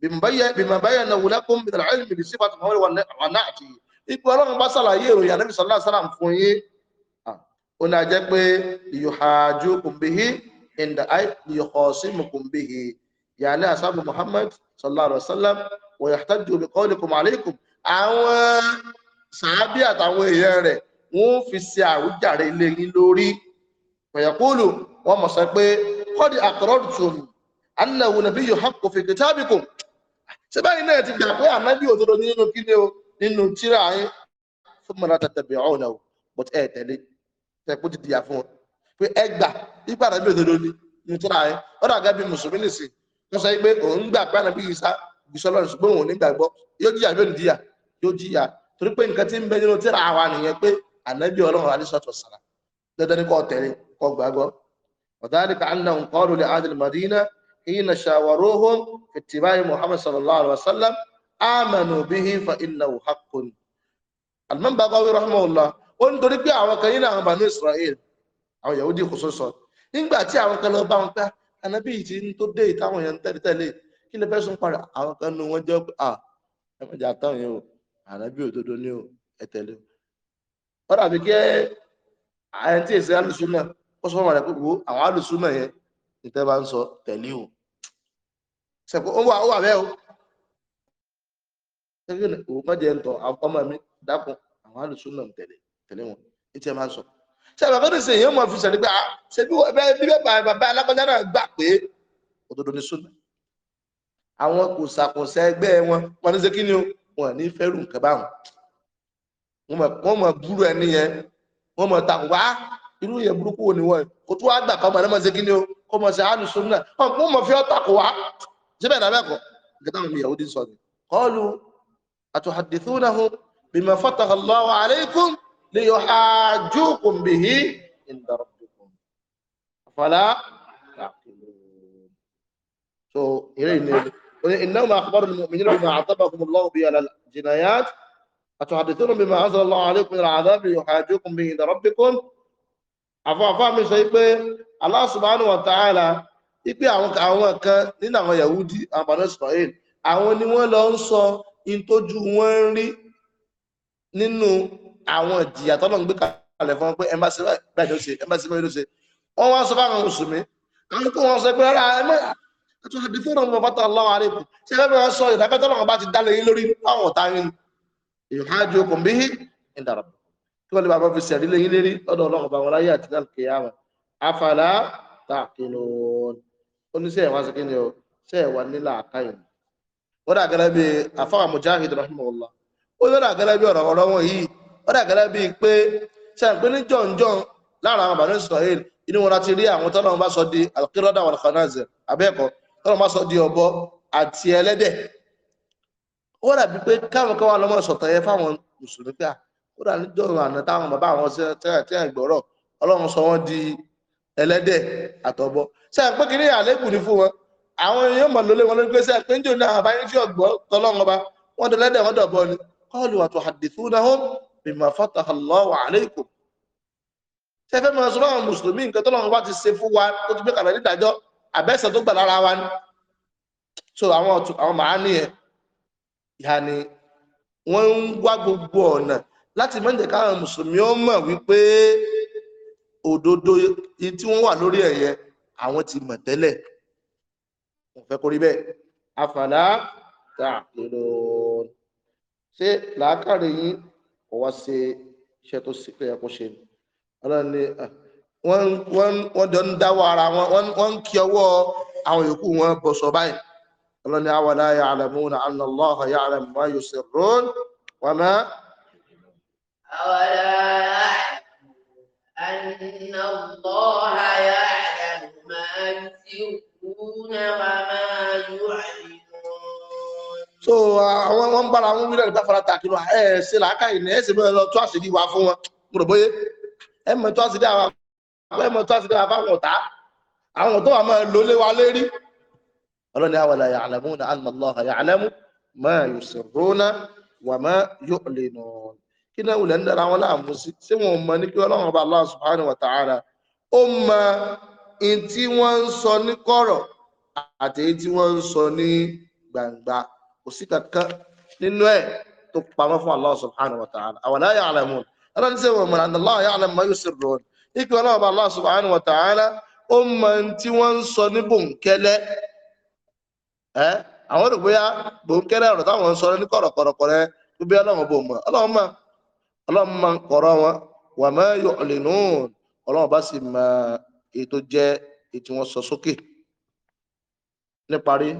bìmọ̀báyà náà wùlẹ́ kó ń bìtàrà ẹ̀rì mìíràn sí pàtàkì mọ́wọ́lẹ̀ wà náà àti ipò ọlọ́run bá sàlàyé ìròyìn àníbi sọ́lá sọ́lá fún yín ó náà jẹ́ pé ìyòhàjú kùnbíhí ìndà ìyòhọ̀sí mùkùnbíhí yàní àsáàbù Muhammad sallallahu alaihi rẹ̀ wọ́n wọ́n mọ̀ sọ pé kọ́dí dị anáwó nàbí yóò hàn kò fi kìtàbíkùn ṣe báyìí náà ti gbà pé ànábì òdodo nínú o nínú tíra yín fún mọ́ra na ọ̀hún náà but ẹ tẹ̀lé tẹ̀kú ti dìyà fún ọ pé ẹ gbà ipá ànábì òdodo ni nínú tíra yín ọ̀dọ̀ àgá bíi mùsùlùmí nìsí wọ́n sọ pé òun gbà pé ànábì yìí gbèsè ṣùgbọ́n òun nígbàgbọ́ yóò yóò yóò torí pé nǹkan ti ń bẹ nínú tíra àwa nìyẹn pé ànábì ọlọ́run alẹ́ sọ́tọ̀ dandan kò وذلك أنهم قالوا لأهل المدينة حين شاوروهم في اتباع محمد صلى الله عليه وسلم آمنوا به فإنه حق المنبع قوي رحمه الله ó ń torí pé àwọn kan nínú àwọn bàánú Israel àwọn Yahudi kò sọ sọ nígbà tí àwọn kan lọ bá wọn pé ànábì yìí ti ń tó dé ìtàwọn èèyàn tẹ̀lé tẹ̀lé kí lè fẹ́ sún padà àwọn kan nu wọn jẹ́ pé à ẹ má jà táwọn yẹn o ànábì òdodo ni o ẹ tẹ̀lé o. ó dàbí kí ẹ àyẹ̀ntì èsì alùsùn náà ó sọ rẹ̀ púpọ̀ àwọn alùsùnà yẹn ìtẹ́ bá ń sọ tẹ̀lé o sẹ́kọ̀ ó wà ó o ṣẹ́kẹ́ ní ń tọ́ ọmọ mi dákun àwọn alùsùnà tẹ̀lé wọn ìtẹ́ máa ń sọ sẹ́kọ̀ kọ́ni sè mọ̀ fi sẹ́ni pé ṣe bí bẹ́ẹ̀ bàbá alákọ̀ọ́jà inu ye burúkú wo ni wọ́n yìí kó tó wá gbà kọ́ mọ̀lẹ́mọ̀ ṣe kíni o kó ma ṣe àlùsùn náà wọ́n mọ̀ fi ọ́ takò wá be na be kọ́ gẹ́gẹ́ àwọn Yahudi sọ ni kọ́ọ̀lù atuhaddithunahum bima fataha Allahu alaykum liyuhajjukum bihi inda rabbikum afala ta'qilun so eléyìí ni innahum akhbaru al-mu'minina bima atabahum Allahu bihi ala al-jinayat atuhaddithunahum bima anzala Allahu alaykum min al-'adhab liyuhajjukum bihi inda rabbikum àfọ́fọ́ mi sọ pé Allah subhanahu wa ta'ala ipe àwọn kan nínú àwọn Yahudi àwọn Banu Israel àwọn ni wọ́n lọ ń sọ in tójú wọ́n ń rí nínú àwọn ìjìyà tọ́lọ̀ ń gbé kalẹ̀ fún wọn pé ẹmbásí báyìí ló ṣe ẹmbásí báyìí ló ṣe wọ́n wá sọ fáwọn mùsùlùmí àwọn tó wọn sọ pé rárá ẹ mọ́ àti àdìfẹ́ náà mọ̀ bàtà lọ́wọ́ àrẹ́kù ṣe fẹ́ bí wọ́n sọ ìdákẹ́tọ́ náà bá ti dálé yín lórí fáwọn ọ̀tá yín ìhájú okùn bíi ìdàrọ̀bù kí wọ́n lè bàbá fi sẹ̀rí lé yín lérí lọ́dọ̀ ọlọ́run bá wọn láyé àti náà kì í tààkìlò oníṣẹ́ ìwà sí kíni o ṣe ìwà nílà àkáyè ni ó dà gẹ́lẹ́ bí àfáwà mujahid rahimahullah ó lọ́dà gẹ́lẹ́ bí ọ̀rọ̀ ọ̀rọ̀ wọn yìí ó dà gẹ́lẹ́ bí pé ṣe ń pè ní jọ̀njọ̀n lára àwọn bàbá israel inú wọn láti rí àwọn tọ́lọ́run bá sọ di alqirada wal khanazir abẹ́ẹ̀kọ́ tọ́lọ́run bá sọ di ọ̀bọ àti kódà níjọba àná táwọn bàbá àwọn tí wọn gbọ́rọ̀ Ọlọ́run sọ wọn di ẹlẹ́dẹ̀ àtọ̀bọ ṣe é pé kí ni àlékún ni fún wọn àwọn èèyàn mọ̀ lólé wọn lórí pé ṣe é pé ń jò ní àwọn abáyé tí ọgbọ́ tọlọ́run ọba wọn dọ lẹ́dẹ̀ wọn dọ̀bọ ni kọ́ọ̀lù àtọ̀ hadithunahum bima fataha Allahu alaykum ṣe fẹ́ máa sọ fún àwọn mùsùlùmí nǹkan tọ́lọ́run bá ti ṣe fún wa tó ti gbé kàlẹ́ nídàájọ́ àbẹ́sẹ̀ tó gbà lára wa ni so àwọn àwọn màá nìyẹn ìhà ni wọ́n ń wá gbogbo ọ̀nà láti mọ́jẹ̀ káwọn mùsùlùmí ó mọ̀ wípé òdodo tí wọ́n wà lórí ẹ̀yẹ àwọn ti mọ̀ tẹ́lẹ̀ wọ́n fẹ́ kórí bẹ́ẹ̀ afàlá tààkìrò ṣé làákàrẹ̀ yín kò wá ṣe iṣẹ́ tó sì pé ẹkọ́ ṣe ni ọlọ́run ni ah, wọ́n jọ ń dáwọ́ ara wọn wọ́n ń kí ọwọ́ àwọn yòókù wọn bọ̀ sọ báyìí ọlọ́run ni awàlá ya'lamuna anna Allaha ya'lamu ma yusirrun wa ma أولا يعلم أن الله يعلم ما يسرون وما يعلمون so àwọn wọn ń bára wọn wílẹ̀ nípa fara tàkì lọ ẹ ṣe làákà yìí ẹ sì mọ lọ tó àṣírí wa fún wọn mo rò bóyá ẹ mọ tó àṣírí àwọn ẹ mọ tó àṣírí ọ̀tá àwọn tó wà máa lò wa lérí ọlọ́ni àwọn ẹ̀yà àlẹ́mú ní àlọ́lọ́ máa yòó sì rónà wà máa yóò lè nù kí náà wùlẹ̀ ń dára wọn láàmú sí ṣé wọn ò mọ ní kí ọlọ́run ọba Allah subhanahu wa ta'ala ó mọ in tí wọ́n ń sọ ní kọ̀rọ̀ àti èyí tí wọ́n ń sọ ní gbangba kò sí kankan nínú ẹ̀ tó pamọ́ fún Allah subhanahu wa ta'ala awala ya'lamun ọlọ́run ṣe wọn mọ̀ àná Allah ya'lamu ma yusirrun ikú ọlọ́run ọba Allah subhanahu wa ta'ala ó mọ in tí wọ́n ń sọ ní bòńkẹ́lẹ́ ẹ́ àwọn olùgbéyà bòńkẹ́lẹ́ ọ̀rọ̀ táwọn ń sọ ní kọ̀rọ̀kọ̀rọ̀kọ̀rẹ́ gbogbo ọlọ́run bò mọ̀ ọlọ́run mọ̀ ọlọ́run máa ń kọ̀rọ̀ wọn wà máa yọ ọ̀lẹ́nu ọlọ́run bá sì mọ èyí tó jẹ́ èyí tí wọ́n sọ sókè níparí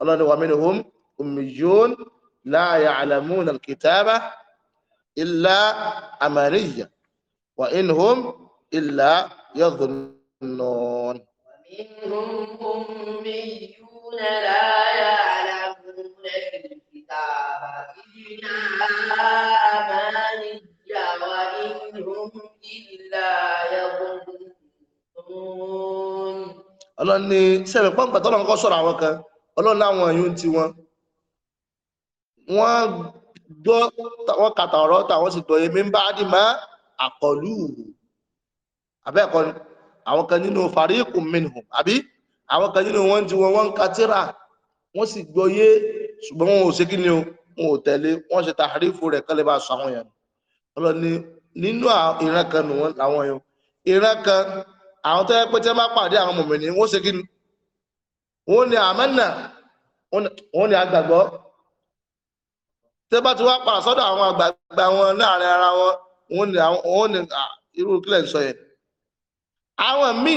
ọlọ́run wà minhum ummiyun la ya'lamuna al-kitaba illa amaniya wa inhum illa yadhunnun. ومنهم أميون لا يعلمون الكتاب إلا àwọn ni sẹ́mi pọ́ǹpẹ̀ tọ́lọ́ kọ́kọ́ sọ̀rọ̀ àwọn kan ọlọ́run láwọn ẹ̀yún ti wọn wọ́n gbọ́ wọ́n kàtà ọ̀rọ̀ táwọn sì gbọ́yé mi ń bá dì mọ́ àkọlù àbẹ́ẹ̀kọ́ ni àwọn kan nínú fariqun minhum àbí àwọn kan nínú wọn ti wọn wọn ń ka tíra wọ́n sì gbọ́yé ṣùgbọ́n wọn ò ṣe kí ni o wọn ò tẹ̀lé wọ́n ṣe tàrífù rẹ̀ kán lè bá sọ àwọn èèyàn ọlọ́ni nínú ìran kan nù wọn làwọn èèyàn ìran kan àwọn tó yẹ pé tẹ́ bá pàdé àwọn mọ̀mìnì wọ́n ṣe kí ni wọ́n ní àmánà wọ́n ní àgbàgbọ́ tẹ́ bá ti wá padà sọ́dọ̀ àwọn àgbàgbà wọn láàrin ara wọn wọ́n ní wọ́n ní irú kílẹ̀ sọ yẹn àwọn míì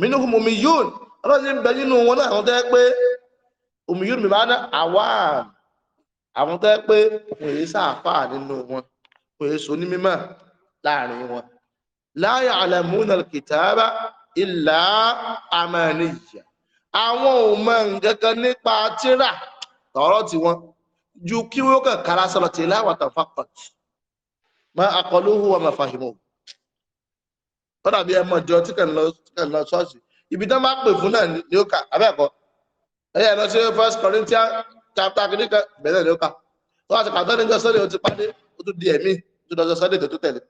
mínú omi yóò ọlọ́sìn ń bẹ nínú wọn náà àwọn tó yẹ pé omi yóò mi bá ná àwa àwọn tó yẹ pé wọ́n èyí sáà nínú wọn wọ́n èyí so ní mímọ́ láàrin wọn la ya'lamuna al-kitaba illa amaniya àwọn ò mọ nǹkan kan nípa tírà tọ̀rọ̀ tí wọ́n ju kí wọ́n kàn kára sọ̀rọ̀ tí láwàtàn faqat ma aqaluhu wa ma fahimuhu tọ́dà bí ẹmọ ìjọ tí kàn lọ ṣọ́ọ̀ṣì ibi tán bá pè fún náà ni ó kà abẹ́ẹ̀kọ́ ẹ̀yẹ lọ sí first Corinthians chapter kìíní kan bẹ̀rẹ̀ ni ó kà tó wà ti pàtó níjọ ó ti pàdé ó tún di ẹ̀mí ó tún lọ sọ́dẹ̀ tó tẹ̀lé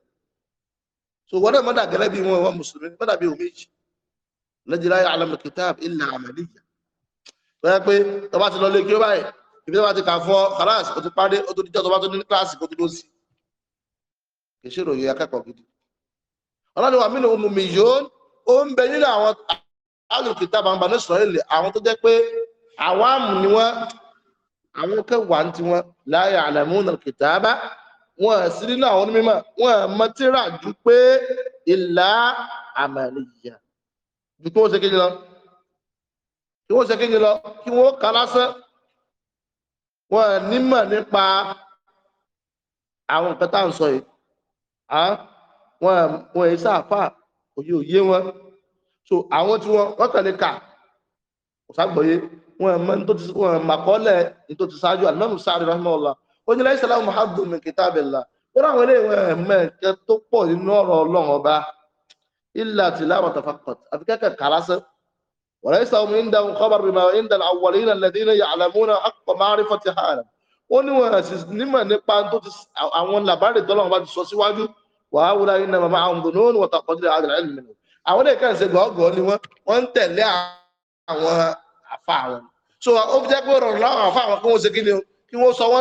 so wọ́n náà mọ́dà gẹ́lẹ́ bí wọn wọn mùsùlùmí mọ́dà bí oméjì lẹ́jìlá alamu kitab ilẹ̀ amaliya tó yẹ pé tó bá ti lọ lé kí ó báyìí ibi tó bá ti kà fún ọ kàláàsì kò ti parí ó tó díjọ́ tó bá tó ní kíláàsì kò ti lọ sí kì í ṣe ìròyìn gidi ọlọ́run wà mí lòun mú mi yóò ó ń bẹ nínú àwọn alùpùpù bàbá ní sọ̀rọ̀lẹ̀ àwọn tó jẹ́ pé àwọn àmù ni wọ́n àwọn kẹwàá ti wọn láyà àlàmú nàkìtàbá wọn sí nínú àwọn onímọ̀ wọn mọ tíra ju pé ìlà àmàlìyà ju kí wọ́n ṣe kéde lọ kí wọ́n ṣe kéde lọ kí wọ́n kà lásán wọn nímọ̀ nípa àwọn nǹkan tá à ń sọ yìí wọn wọn èyí sáfà òye òye wọn so àwọn tí wọn wọn kàn lè kà kò ságbọ̀yé wọn mọ ní tó ti wọn màkọ́lẹ̀ ní tó ti ṣáájú àdínàmù sáré rahmanulah onílẹ̀ ìsàlámù muhammadu min kitabillah ó ráwọn ilé ìwé ẹ̀mẹ́ ẹ̀kẹ́ tó pọ̀ nínú ọ̀rọ̀ ọlọ́run ọba illa tilawatan faqat àti kẹ́kẹ́ kàlásán wọ̀lẹ́ ìsàlámù indahum khabar bima indal awwalina alladhina ya'lamuna haqqa ma'rifati hàlẹ̀ ó ní wọn sì nímọ̀ nípa tó ti àwọn làbárè tọ́lọ́run bá ti sọ síwájú wàá wúra iná màmá àwọn dùnún wọ́n ta kọjú àdìrà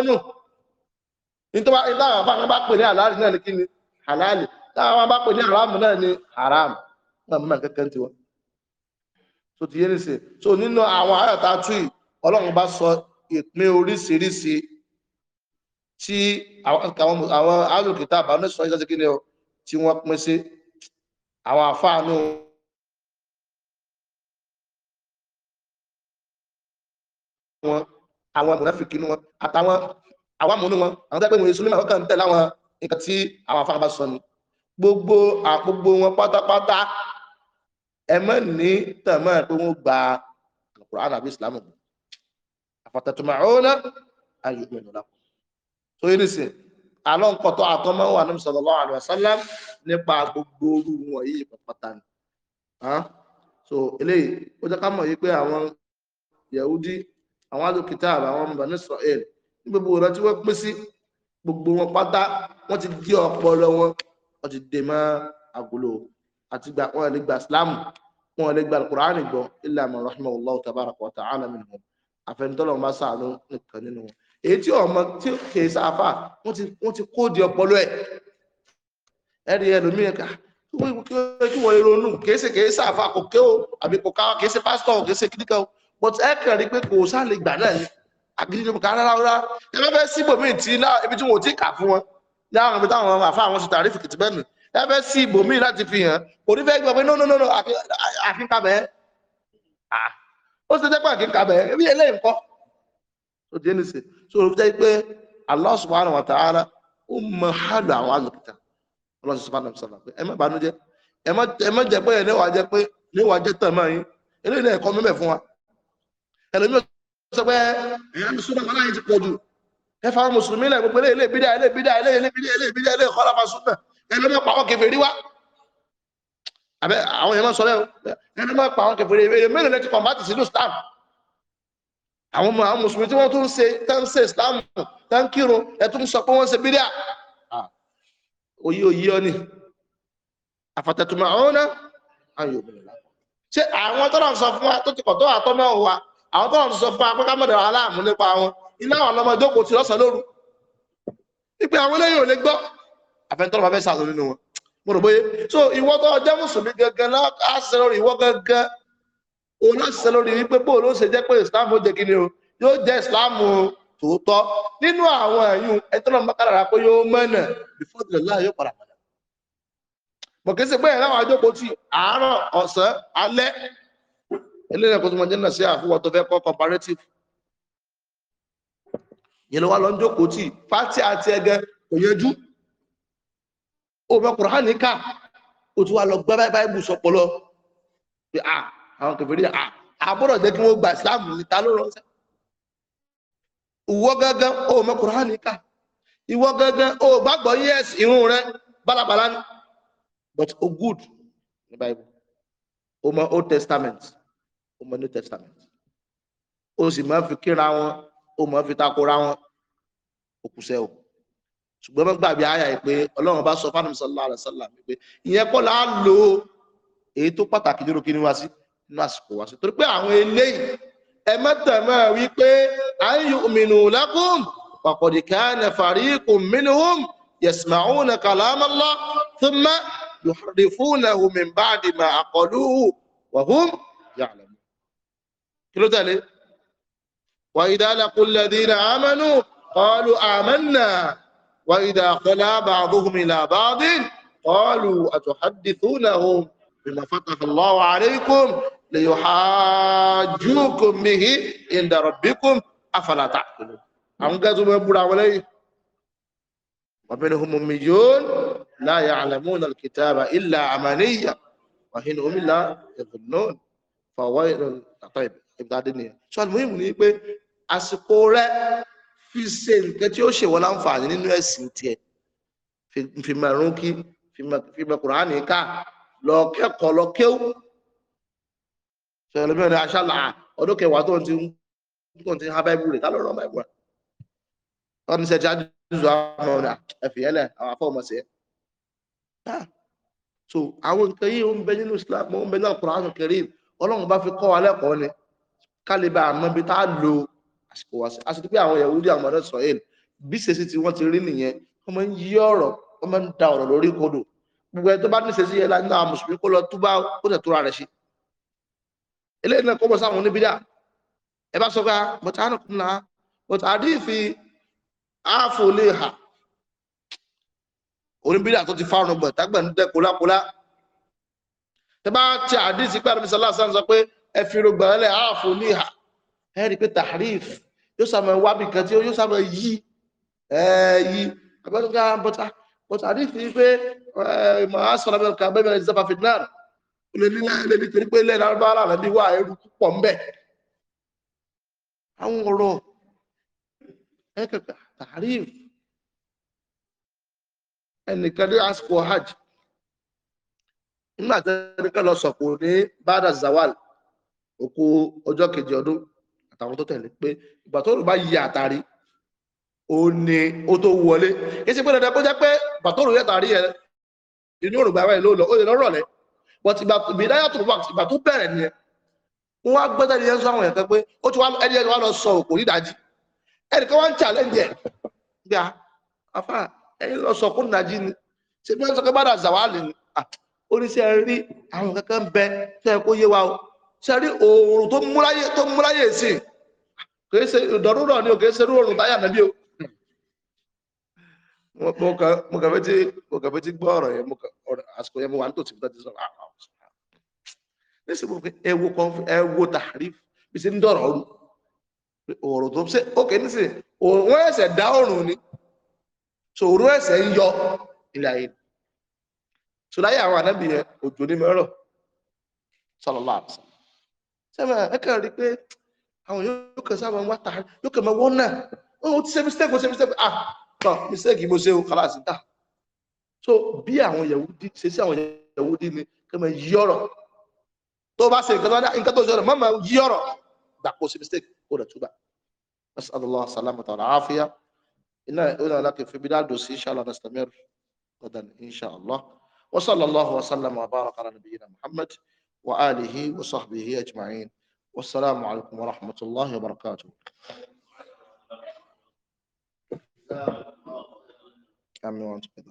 ẹ̀mí nítorí táwọn afá kan bá pè ní àlàálì náà ní kí ni àlàálì táwọn afá bá pè ní haram náà ní haram náà mọ̀ kankan tiwọn tó ti yé ní sè so nínú àwọn àyàtà tú yìí ọlọ́run bá sọ ìpín oríṣiríṣi tí àwọn alùkìtà àbáwọn sọ ìjọ́sí kí ni o tí wọ́n pín sí àwọn àfáànù wọn àwọn mùnáfìkì nínú wọn àtàwọn àwa mú wọn àwọn tẹ́pẹ́ ìwé súnmọ́ ọkàn tẹ̀lé àwọn nǹkan tí àwọn afárabá sọ ni gbogbo àgbogbo wọn pátápátá ẹ mọ́ ní islam gbọ́ àfọ̀tẹ̀tùmọ̀ ọ̀nà ayé ìgbìmọ̀ lọ́kọ̀ tó yé nìsín àlọ́ nkọ̀tọ̀ àtọ́mọ́ wà ní sallallahu alaihi wasallam nípa gbogbo orú wọn yìí pàpàtà ni so eléyìí ó jẹ́ ká mọ̀ yìí pé àwọn yahudi àwọn alùkìtà àwọn bani israel ní gbogbo ọ̀nà tí wọ́n pín sí gbogbo wọn pátá wọ́n ti dí ọpọlọ wọn wọ́n ti dè mọ́ àgùlò àti gbà wọn lè gba islam wọn lè gba alukur'an gbọ́ illa man rahimahullahu tabaraka wa ta'ala minhum àfẹnitọ́lọ́wọ́n bá sàánú nìkan nínú wọn èyí tí ọmọ tí kìí sáfà wọ́n ti kó di ọpọlọ ẹ̀ ẹ̀rí ẹlòmíràn ká kí wọ́n ronú kìí ṣe kìí sáfà kò ké o àbí kò káwá kìí ṣe pásítọ̀ kìí ṣe kíníkà o but ẹ kàn rí pé kò sáà lè gbà náà ni agídí ló kà rárá rárá ẹ fẹ́ fẹ́ síbòmíì tí ibi tí wọn ò tí kà fún wọn láwọn ibi táwọn àfa àwọn ṣe tàrífù kìtìbẹ́ẹ̀nù ẹ fẹ́ sí ibòmíì láti fi hàn onífẹ́ gbọ́ pé nónó nónó àfínkàbẹ́ ó ṣe dẹ́pọ̀ àfínkàbẹ́ ebi eléyìí ńkọ́ ó di ẹnìsì so olùfẹ́ jẹ́ pé Allah subhanahu wa ta'ala ó mọ hàlù àwọn alùpùpù Allah subhanahu wa ta'ala pé ẹ má bànújẹ́ ẹ má jẹ́ pé ẹ níwàá jẹ́ pé níwàá jẹ́ tàn mọ́ yín eléyìí náà ẹ̀kọ́ mímẹ̀ fún wa ẹlòmíràn sọ pé ẹ̀yà mùsùlùmí àwọn aláyẹ̀ ti pọ̀ jù ẹfà àwọn mùsùlùmí lẹ̀ gbogbo ilé ilé bídà ilé bídà ilé ilé bídà ilé bídà ilé ìkọ́lá fasúnà ẹni máa pa àwọn kẹfẹ́ rí wá àbẹ àwọn èèyàn máa sọ lẹ́wọ̀ ẹni máa pa àwọn kẹfẹ́ rí èrè mélòó lẹ́ti kọ̀mátì sínú Islam àwọn ọmọ àwọn mùsùlùmí tí wọ́n tún ṣe tán ṣe Islam tán kírun ẹ tún sọ pé wọ́n ṣe bídà òye òye ọ ni náà sọ fún wa tó ti kọ̀ tó àtọ́ mẹ́wàá àwọn tó ń sọ fún apẹ́ kámọ́dọ̀ aláàmú nípa wọn iná àwọn ọlọ́mọ ìjókòó ti lọ́sàn lóru ìpè àwọn eléyìí ò lè gbọ́ àfẹ́ntọ́rọ̀ bá fẹ́ sàtò nínú wọn mo rò bóyé so ìwọ tó ọjọ́ mùsùlùmí gangan láṣẹ lórí ìwọ gangan òun láṣẹ lórí wípé bó ló ṣe jẹ́ pé ìsìláàmù ó jẹ́ kí ni o yóò jẹ́ ìsìláàmù tòótọ́ nínú àwọn ẹ̀yìn ẹ̀tọ́nà mọ́kàlára pé yóò mẹ́nà ìfọ́dìlẹ̀ láà yóò padà padà bọ̀ kí n sì pé ẹ̀rọ àwọn àjókòó ti àárọ̀ ọ̀sán alẹ́ eléyìí ẹ̀kọ́ tó mọ̀ jẹ́ náà sí àfihàn tó fẹ́ kọ́ comparative yẹn lọ wá lọ ń jókòó tí fátí àti ẹgẹ kò yẹjú òmọ kùránì ká o tún wá lọ gbá báìbù sọpọlọ pé à ah, àwọn kẹfìrí à àbúrọ̀ jẹ́ kí wọ́n gba ìsìláàmù níta ló rọ́ọ̀sẹ̀ ìwọ gángan òmọ kùránì ká ìwọ gángan ò gbàgbọ́ yẹ́sì irun rẹ bálabàlá ni but o oh, good ní báìbù òmọ old testament ó mọ new testament ó sì máa fi kíra wọn ó máa fi takora wọn òkùsẹ́ o ṣùgbọ́n mọ́ gbàgbé àyà pé ọlọ́run bá sọ fánàmì sọlá rẹ̀ sọlá pé ìyẹn kọ́ là á lo èyí tó pàtàkì nínú kí ni wá sí nínú àsìkò wá sí torí pé àwọn eléyìí ẹ mọ́tẹ̀mọ́ wí pé àyù mìnú lákùn pàkọ̀dì káàní fàríkù mìnúhùn yẹ̀sìmáhùn kàlámọ́lá tó mẹ́ yòrìfún ẹ̀hùn mìbáàdì mà àkọlù wàhùn yàrá كله تالي وإذا لقوا الذين آمنوا قالوا آمنا وإذا خلا بعضهم إلى بعض قالوا أتحدثونهم بما فتح الله عليكم ليحاجوكم به عند ربكم أفلا تعقلون أم قالوا ما يقول ومنهم مليون لا يعلمون الكتاب إلا عملية وهنهم لا يظنون فويل طيب ìbùdádé nìyẹn so àlùmọ́yìn ní pé àsìkò rẹ fi ṣe nǹkan tí ó ṣèwọ́ láǹfààní nínú ẹ̀sìn tiẹ̀ fi mọ ẹ̀rún kí fi mọ kùránì ká lọ kẹ́kọ̀ọ́ lọ kéwú sọ̀rọ̀ mẹ́rin aṣáàlà ọdún kẹwàá tó ń ti ń ti ha báìbù rẹ̀ ká ló rán báìbù rẹ̀ wọ́n ní sẹ́ ti àjùzọ àwọn ọ̀nà ẹ̀fìyẹ́lẹ̀ àwọn afọ́ọ̀mọ̀sẹ̀ so àwọn nǹkan yìí ó ń bẹ nínú Islam ó ń bẹ nínú Al-Qur'an Al-Karim Ọlọ́run bá fi kọ́ wa lẹ́kọ̀ọ́ ni kálíbà àmọ́ bí tá a lo àsìkò wá sí àsìkò pé àwọn Yahudi àwọn ọ̀dọ́ Israel bí ṣèṣì tí wọ́n ti rí nìyẹn wọ́n máa ń yí ọ̀rọ̀ wọ́n máa ń da ọ̀rọ̀ lórí kodò gbogbo ẹni tó bá ní ṣèṣì yẹn láti náà mùsùlùmí kó lọ túbá kó tẹ̀ tóra rẹ̀ ṣe eléyìí náà kó bọ̀ sáwọn oníbídà ẹ bá sọ pé bọ̀tà á nìkún náà bọ̀tà àdífi àáfò lè hà oníbídà tó ti fárun bọ̀ tágbẹ̀ ń dẹ́ ẹ fi rògbà ẹlẹ ààfò níhà ẹ rí i pé tahrif yóò sàmọ wábì kan tí yóò sàmọ yí ẹ yí abẹ́tọ́ká bọ́tà bọ́tà àdìsí pé màá sọ̀rọ̀ bẹ́ẹ̀ kan bẹ́ẹ̀ bẹ́ẹ̀ zafafi náà lè ní lè ní torí pé lẹ́yìn arúgbó ara rẹ̀ bí wà ẹrú púpọ̀ ń àwọn ọ̀rọ̀ ẹ tahrif ẹnìkan ní àsìkò hajj nígbà tẹ́lẹ̀ kan sọ̀kò ní bada zawal Oko ọjọ́ kejì ọdún àtàwọn tó tẹ̀lé pé ìgbà tó rùn bá yí àtàrí ó ní ó tó wọlé kí sí pé dandan kó jẹ́ pé ìgbà tó rùn yẹ àtàrí yẹn inú òrùn gbàgbà yẹn ló lọ ó lè lọ́rọ̀ lẹ́ but ìgbà tó ìdáyà tó wà ìgbà tó bẹ̀rẹ̀ nìyẹn wọ́n wá gbẹ́dẹ́ ní yẹn sọ àwọn yẹn pé ó ti wá ẹni yẹn wá lọ sọ òkú nídàájí ẹnì kan wá ń challenge ẹ̀ gbà afá ẹni lọ sọ òkú nídàájí ni ṣe bí wọ́n sọ pé bá dà zàwálì ni oníṣẹ́ rí àwọn kankan bẹ tẹ́ kó yé wa o sẹ́rí oòrùn tó múráyè tó múráyè sí kìí ṣe ìdọ̀rúrọ̀ ni ò kìí ṣe rúrùn táyà nàbí o. mo kàfẹ́ tí mo kàfẹ́ tí gbọ́ ọ̀rọ̀ yẹn mo àsìkò yẹn mo wà ní tòtí bíta ti sọ̀rọ̀ àwọn ah, ọ̀sán. Ah, ah. nísìnyí mo fi ẹwo kan ẹwo tàrí bí ṣe ń dọ̀rọ̀ ọ̀rù oòrùn tó ṣe ókè nísìnyí òun ẹ̀sẹ̀ dá oòrùn ni sòrò ẹ̀sẹ̀ ń yọ ilẹ̀ ayé sọláyà àwọn ànábìyẹn òjò ní mẹ́rọ̀ sallallahu alaihi wasallam. sẹ́mi ẹ̀kẹ́ rí pé àwọn yóò kàn sábà wá tà yóò kàn máa wọ́n náà ó ti ṣe mistake ó ṣe mistake ah tán mistake mo ṣe o kàláàsì dà so bí àwọn Yahudi ṣe sí àwọn Yahudi ni kàn máa yí ọ̀rọ̀ tó bá ṣe nǹkan tó dá nǹkan tó ṣe ọ̀rọ̀ má máa yí ọ̀rọ̀ gbà kó ṣe mistake kó rẹ̀ túbà نسأل الله السلامة والعافية إن أولى لك في بلاد إن شاء الله نستمر غدا إن شاء الله وصلى الله وسلم وبارك على نبينا محمد وآله وصحبه أجمعين والسلام عليكم ورحمة الله وبركاته آه. أمين